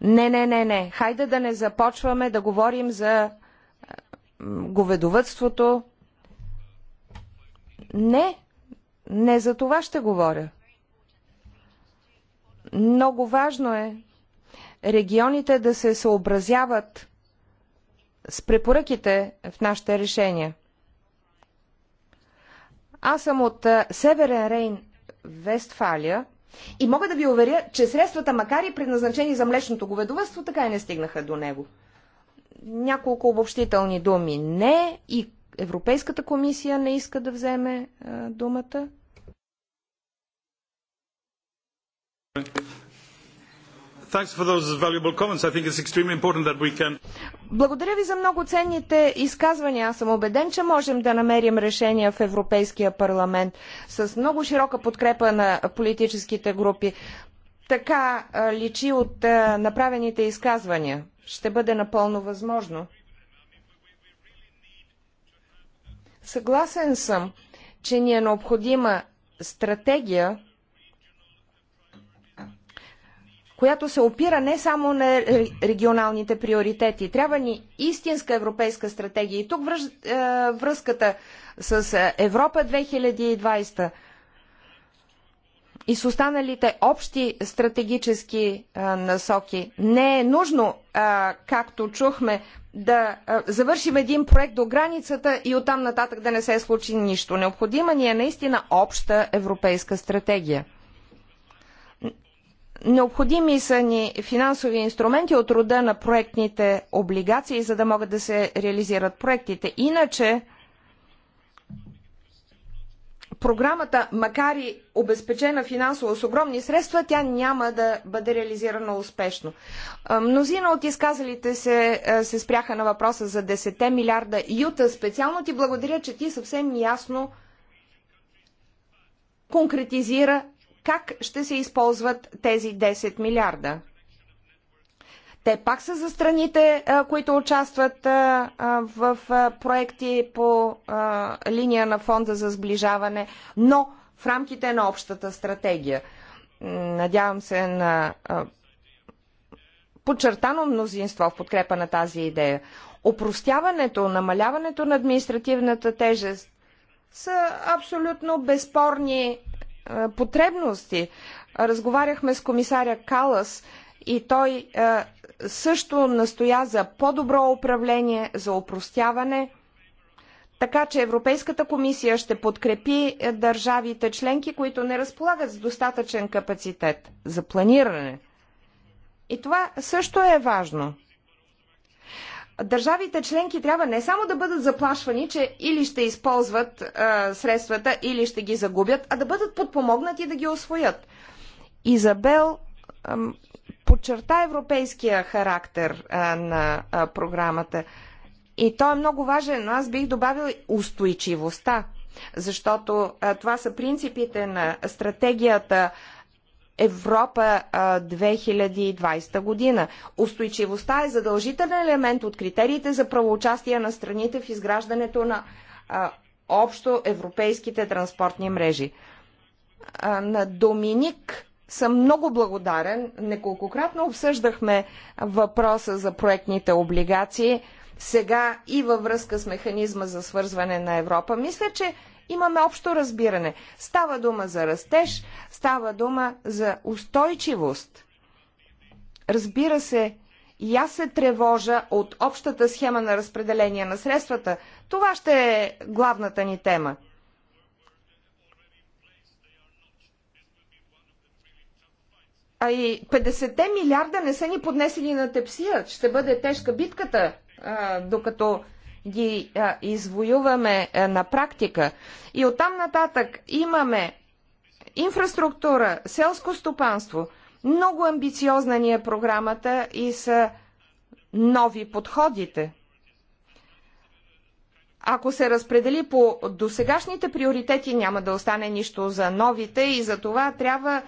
Не, не, не, не. Хайде да не започваме да говорим за говедовътството. Не, не за това ще говоря. Много важно е регионите да се съобразяват с препоръките в нашите решения. Аз съм от Северен Рейн, Вестфалия и мога да ви уверя, че средствата, макар и предназначени за млечното говедовътство, така и не стигнаха до него. Няколко обобщителни думи. Не и Европейската комисия не иска да вземе а, е, думата. Благодаря ви за много ценните изказвания. Аз съм убеден, че можем да намерим решения в Европейския парламент с много широка подкрепа на политическите групи. Така е, личи от е, направените изказвания. Ще бъде напълно възможно. Съгласен съм, че ни е необходима стратегия, която се опира не само на регионалните приоритети. Трябва ни истинска европейска стратегия. И тук е, връзката с е, Европа 2020 и с останалите общи стратегически а, насоки. Не е нужно, а, както чухме, да а, завършим един проект до границата и оттам нататък да не се случи нищо. Необходима ни е наистина обща европейска стратегия. Необходими са ни финансови инструменти от рода на проектните облигации, за да могат да се реализират проектите. Иначе програмата, макар и обезпечена финансово с огромни средства, тя няма да бъде реализирана успешно. Мнозина от изказалите се, се спряха на въпроса за 10 милиарда. Юта, специално ти благодаря, че ти съвсем ясно конкретизира как ще се използват тези 10 милиарда. Те пак са за страните, които участват в проекти по линия на фонда за сближаване, но в рамките на общата стратегия. Надявам се на подчертано мнозинство в подкрепа на тази идея. Опростяването, намаляването на административната тежест са абсолютно безспорни потребности. Разговаряхме с комисаря Калас и той също настоя за по-добро управление, за опростяване, така че Европейската комисия ще подкрепи е, държавите членки, които не разполагат с достатъчен капацитет за планиране. И това също е важно. Държавите членки трябва не само да бъдат заплашвани, че или ще използват а, е, средствата, или ще ги загубят, а да бъдат подпомогнати да ги освоят. Изабел подчерта европейския характер а, на а, програмата. И то е много важен, но аз бих добавил устойчивостта, защото а, това са принципите на стратегията Европа 2020 година. Устойчивостта е задължителен елемент от критериите за правоучастие на страните в изграждането на общо европейските транспортни мрежи. На Доминик съм много благодарен. Неколкократно обсъждахме въпроса за проектните облигации, сега и във връзка с механизма за свързване на Европа. Мисля, че имаме общо разбиране. Става дума за растеж, става дума за устойчивост. Разбира се, и аз се тревожа от общата схема на разпределение на средствата. Това ще е главната ни тема. А и 50 милиарда не са ни поднесени на тепсия. Ще бъде тежка битката, а, докато ги а, извоюваме а, на практика. И оттам нататък имаме инфраструктура, селско стопанство. Много амбициозна ни е програмата и са нови подходите. Ако се разпредели по досегашните приоритети, няма да остане нищо за новите и за това трябва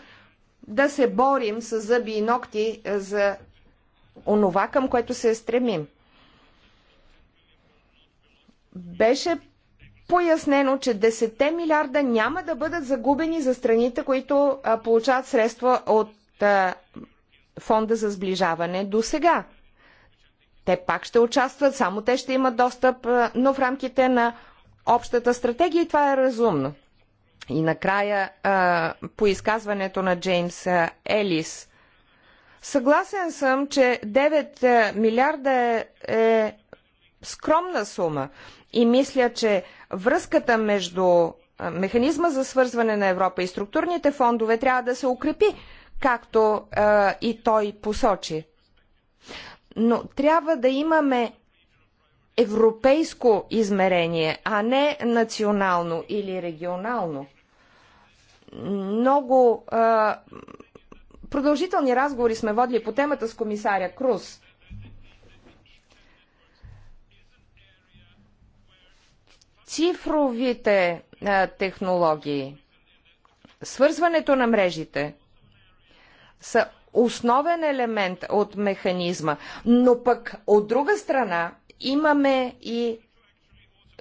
да се борим с зъби и ногти е, за онова, към което се стремим. Беше пояснено, че 10 милиарда няма да бъдат загубени за страните, които получават средства от фонда за сближаване до сега. Те пак ще участват, само те ще имат достъп, но в рамките на общата стратегия и това е разумно. И накрая по изказването на Джеймс Елис. Съгласен съм, че 9 милиарда е, е скромна сума и мисля, че връзката между механизма за свързване на Европа и структурните фондове трябва да се укрепи, както е, и той посочи. Но трябва да имаме европейско измерение, а не национално или регионално. Много а, продължителни разговори сме водили по темата с комисаря Круз. Цифровите а, технологии, свързването на мрежите са основен елемент от механизма, но пък от друга страна имаме и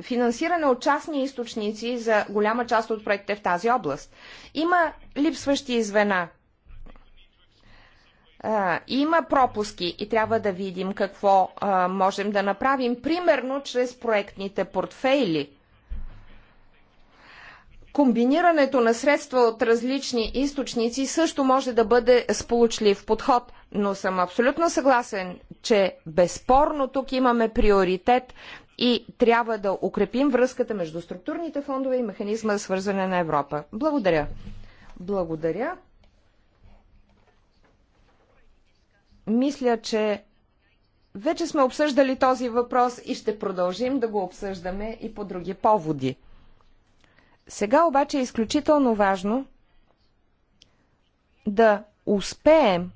финансиране от частни източници за голяма част от проектите в тази област. Има липсващи звена. Има пропуски и трябва да видим какво можем да направим, примерно чрез проектните портфейли. Комбинирането на средства от различни източници също може да бъде сполучлив подход, но съм абсолютно съгласен, че безспорно тук имаме приоритет и трябва да укрепим връзката между структурните фондове и механизма за свързване на Европа. Благодаря. Благодаря. Мисля, че вече сме обсъждали този въпрос и ще продължим да го обсъждаме и по други поводи. Сега обаче е изключително важно да успеем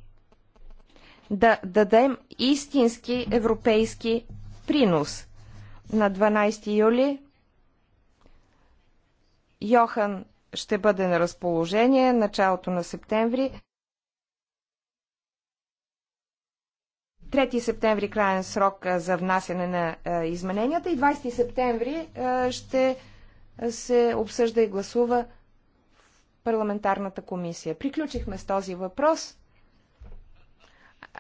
да дадем истински европейски принос – на 12 юли. Йохан ще бъде на разположение началото на септември. 3 септември крайен срок за внасяне на измененията и 20 септември ще се обсъжда и гласува в парламентарната комисия. Приключихме с този въпрос.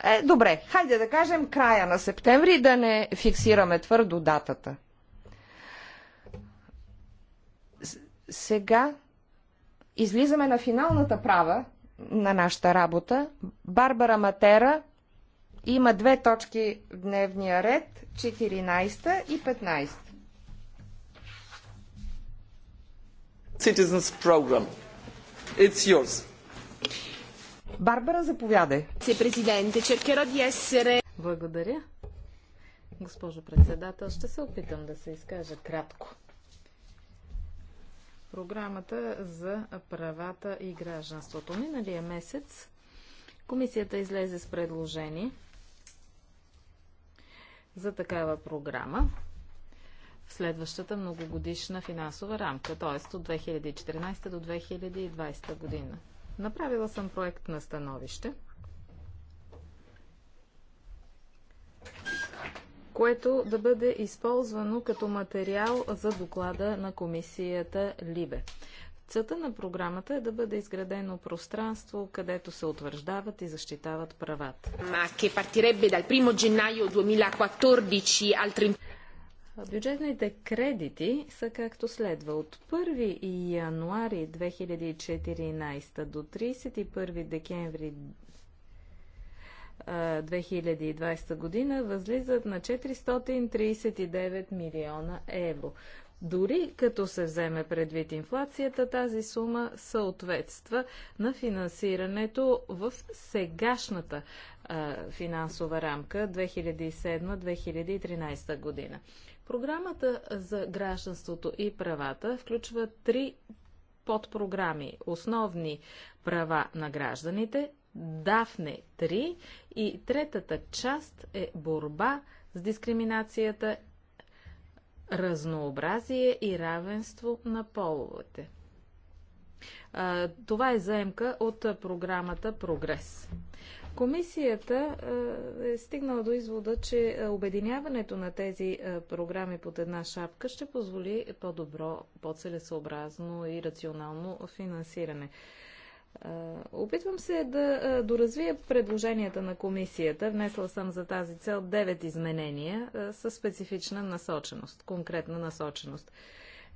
Е, добре, хайде да кажем края на септември, да не фиксираме твърдо датата. Сега излизаме на финалната права на нашата работа. Барбара Матера има две точки в дневния ред 14 и 15. Citizens Program. It's yours. Барбара, заповядай. Президенте, черкера ди есере. Благодаря. Госпожо председател, ще се опитам да се изкажа кратко. Програмата за правата и гражданството. Миналия месец комисията излезе с предложение за такава програма в следващата многогодишна финансова рамка, т.е. от 2014 до 2020 година. Направила съм проект на становище, което да бъде използвано като материал за доклада на комисията Либе. Целта на програмата е да бъде изградено пространство, където се утвърждават и защитават правата. Бюджетните кредити са както следва. От 1 януари 2014 до 31 декември 2020 година възлизат на 439 милиона евро. Дори като се вземе предвид инфлацията, тази сума съответства на финансирането в сегашната а, финансова рамка 2007-2013 година. Програмата за гражданството и правата включва три подпрограми. Основни права на гражданите, Дафне 3 и третата част е борба с дискриминацията, разнообразие и равенство на половете. Това е заемка от програмата Прогрес. Комисията е, е стигнала до извода, че е, обединяването на тези е, програми под една шапка ще позволи по-добро, по-целесообразно и рационално финансиране. Опитвам се да доразвия предложенията на комисията. Внесла съм за тази цел 9 изменения с специфична насоченост, конкретна насоченост.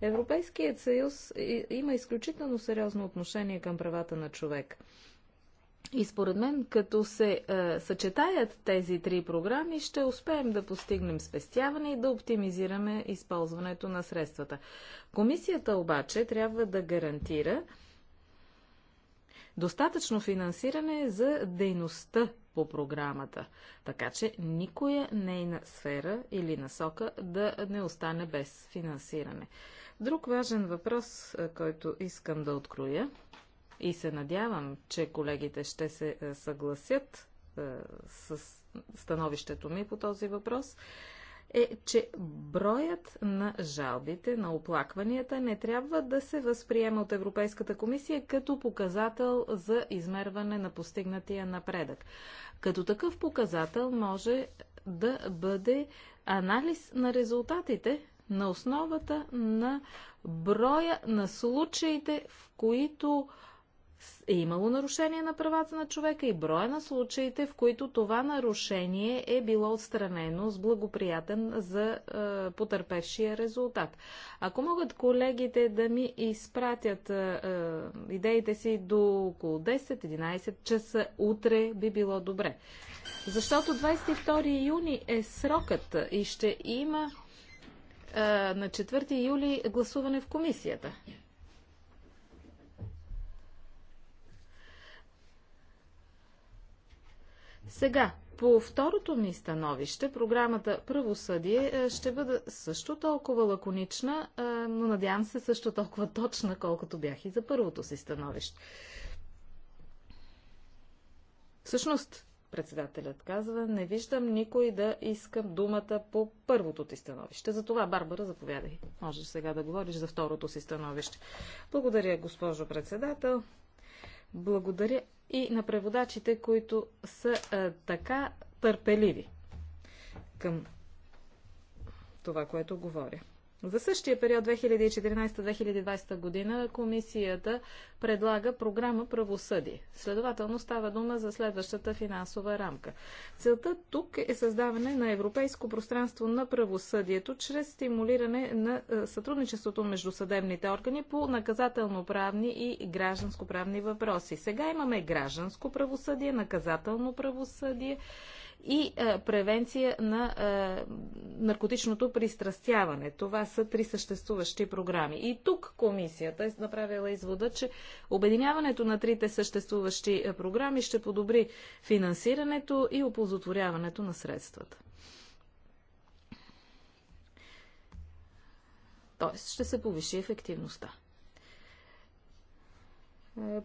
Европейският съюз има изключително сериозно отношение към правата на човек. И според мен, като се е, съчетаят тези три програми, ще успеем да постигнем спестяване и да оптимизираме използването на средствата. Комисията обаче трябва да гарантира достатъчно финансиране за дейността по програмата, така че никоя нейна сфера или насока да не остане без финансиране. Друг важен въпрос, е, който искам да откроя – и се надявам, че колегите ще се е, съгласят е, с становището ми по този въпрос, е, че броят на жалбите, на оплакванията не трябва да се възприема от Европейската комисия като показател за измерване на постигнатия напредък. Като такъв показател може да бъде анализ на резултатите на основата на броя на случаите, в които е имало нарушение на правата на човека и броя на случаите, в които това нарушение е било отстранено с благоприятен за е, потърпевшия резултат. Ако могат колегите да ми изпратят е, е идеите си до около 10-11 часа утре, би било добре. Защото 22 юни е срокът и ще има е, на 4 юли гласуване в комисията. Сега, по второто ми становище, програмата Правосъдие е, ще бъде също толкова лаконична, е, но надявам се също толкова точна, колкото бях и за първото си становище. Всъщност, председателят казва, не виждам никой да иска думата по първото ти становище. Затова, Барбара, заповядай. Можеш сега да говориш за второто си становище. Благодаря, госпожо председател. Благодаря и на преводачите, които са а, така търпеливи към това, което говоря. За същия период 2014-2020 година комисията предлага програма Правосъдие. Следователно става дума за следващата финансова рамка. Целта тук е създаване на европейско пространство на правосъдието чрез стимулиране на е, сътрудничеството между съдебните органи по наказателно-правни и гражданско-правни въпроси. Сега имаме гражданско правосъдие, наказателно правосъдие и а, е, превенция на а, е, наркотичното пристрастяване. Това са три съществуващи програми. И тук комисията е направила извода, че обединяването на трите съществуващи е, програми ще подобри финансирането и оползотворяването на средствата. Тоест, ще се повиши ефективността.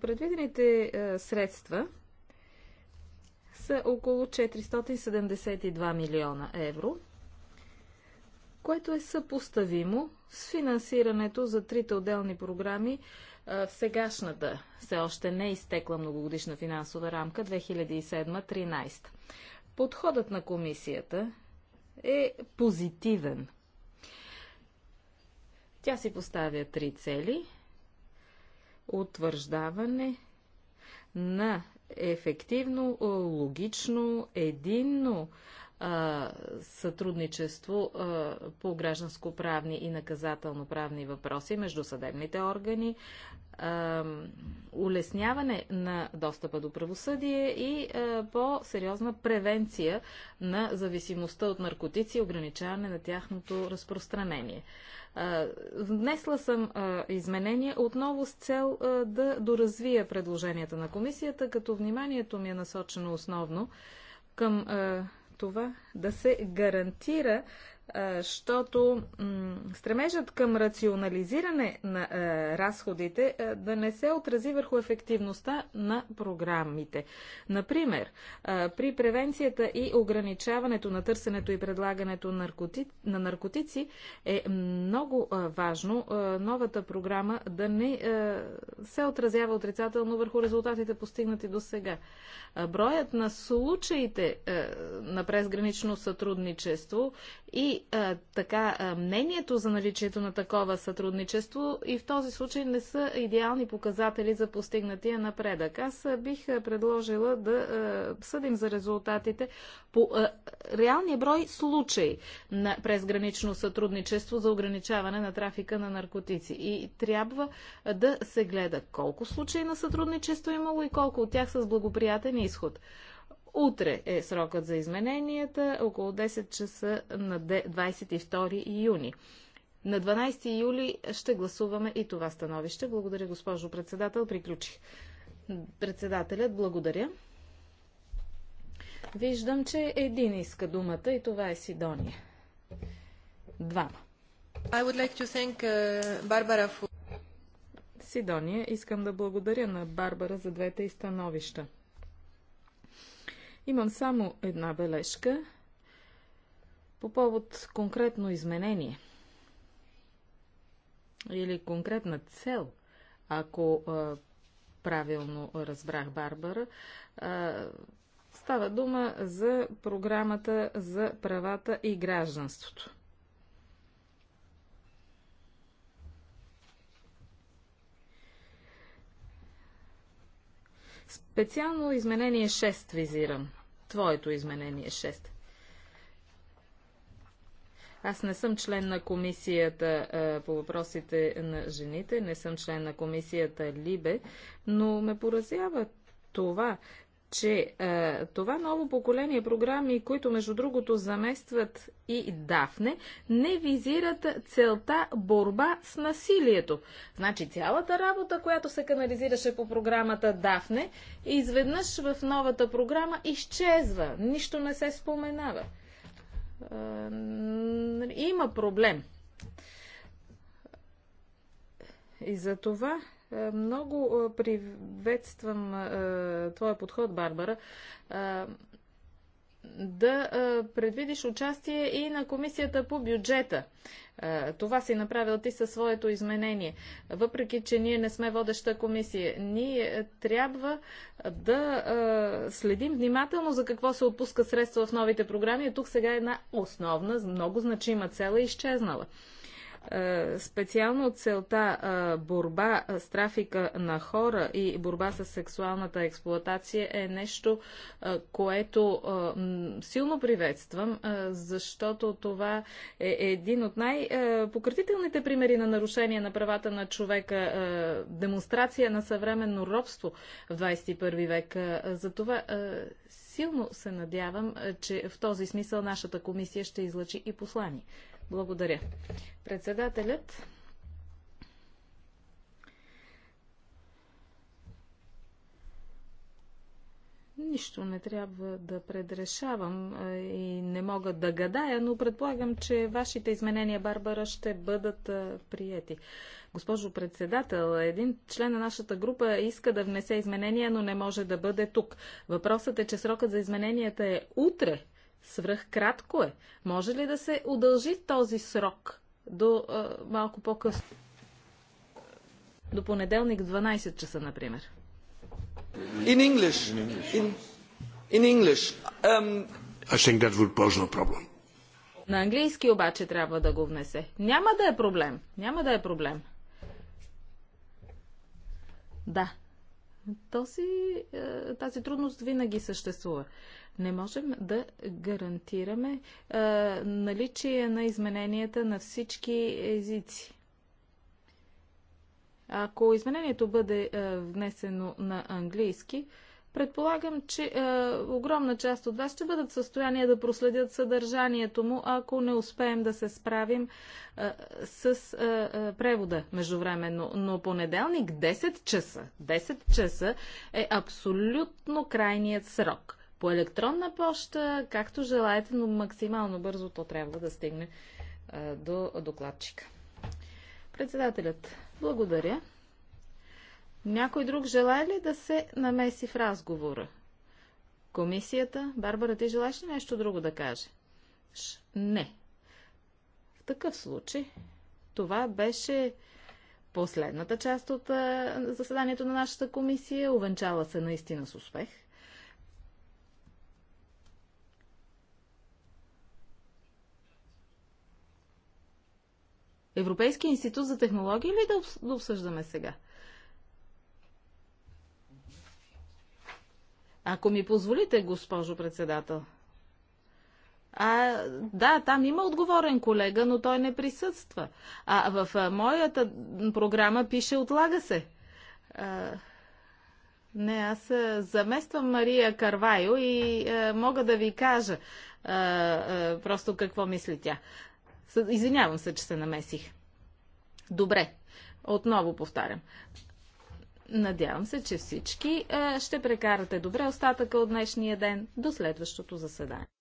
Предвидените средства са около 472 милиона евро, което е съпоставимо с финансирането за трите отделни програми в сегашната, все още не изтекла многогодишна финансова рамка 2007-13. Подходът на комисията е позитивен. Тя си поставя три цели. Утвърждаване на ефективно, логично, единно а, сътрудничество а, по гражданско-правни и наказателно-правни въпроси между съдебните органи, а, улесняване на достъпа до правосъдие и по-сериозна превенция на зависимостта от наркотици и ограничаване на тяхното разпространение. Внесла съм изменения отново с цел да доразвия предложенията на комисията, като вниманието ми е насочено основно към това да се гарантира защото е, стремежът към рационализиране на е, разходите е, да не се отрази върху ефективността на програмите. Например, при превенцията и ограничаването на търсенето и предлагането на наркотици е много важно новата програма да не се отразява отрицателно върху резултатите постигнати до сега. Броят на случаите на презгранично сътрудничество и и а, така а, мнението за наличието на такова сътрудничество и в този случай не са идеални показатели за постигнатия напредък. Аз а, бих предложила да а, съдим за резултатите по а, реалния брой случаи на презгранично сътрудничество за ограничаване на трафика на наркотици. И трябва а, да се гледа колко случаи на сътрудничество е имало и колко от тях с благоприятен изход. Утре е срокът за измененията, около 10 часа на 22 юни. На 12 юли ще гласуваме и това становище. Благодаря, госпожо председател. Приключих. Председателят, благодаря. Виждам, че един иска думата и това е Сидония. Два. I would like to thank Барбара uh, for... Сидония, искам да благодаря на Барбара за двете и становища. Имам само една бележка по повод конкретно изменение или конкретна цел, ако а, правилно разбрах Барбара. А, става дума за програмата за правата и гражданството. Специално изменение 6 визирам твоето изменение 6. Аз не съм член на комисията а, по въпросите на жените, не съм член на комисията Либе, но ме поразява това, че е, това ново поколение програми, които между другото заместват и Дафне, не визират целта борба с насилието. Значи цялата работа, която се канализираше по програмата Дафне, изведнъж в новата програма изчезва. Нищо не се споменава. Е, има проблем. И за това е, много е, приветствам е, твоя подход, Барбара да предвидиш участие и на комисията по бюджета. Това си направил ти със своето изменение. Въпреки, че ние не сме водеща комисия, ние трябва да следим внимателно за какво се отпуска средства в новите програми. Тук сега една основна, много значима цела е изчезнала. Е, специално от целта е, борба е, с трафика на хора и борба с сексуалната експлоатация е нещо, което силно приветствам, защото това е един от най-пократителните примери на нарушение на правата на човека, демонстрация на съвременно робство в 21 век. Затова силно се надявам, че в този смисъл нашата комисия ще излъчи и послание благодаря. Председателят. Нищо не трябва да предрешавам и не мога да гадая, но предполагам, че вашите изменения, Барбара, ще бъдат приети. Госпожо председател, един член на нашата група иска да внесе изменения, но не може да бъде тук. Въпросът е, че срокът за измененията е утре. Свръхкратко е. Може ли да се удължи този срок до а, малко по-късно? До понеделник 12 часа, например. In English. In, in English. Um... I think that would pose no problem. На английски обаче трябва да го внесе. Няма да е проблем. Няма да е проблем. Да. Този, е, тази трудност винаги съществува. Не можем да гарантираме а, е, наличие на измененията на всички езици. Ако изменението бъде а, е, внесено на английски, предполагам, че а, е, огромна част от вас ще бъдат в състояние да проследят съдържанието му, ако не успеем да се справим а, с а, превода междувременно. Но понеделник 10 часа, 10 часа е абсолютно крайният срок по електронна поща, както желаете, но максимално бързо то трябва да стигне а, до докладчика. Председателят, благодаря. Някой друг желая ли да се намеси в разговора? Комисията, Барбара, ти желаеш ли нещо друго да каже? Ш, не. В такъв случай, това беше последната част от заседанието на нашата комисия. Овенчала се наистина с успех – Европейския институт за технологии ли да обсъждаме сега? Ако ми позволите, госпожо председател. А, да, там има отговорен колега, но той не присъства. А в а, моята програма пише отлага се. А, не, аз замествам Мария Карвайо и а, мога да ви кажа а, а, просто какво мисли тя. Извинявам се, че се намесих. Добре, отново повтарям. Надявам се, че всички е, ще прекарате добре остатъка от днешния ден до следващото заседание.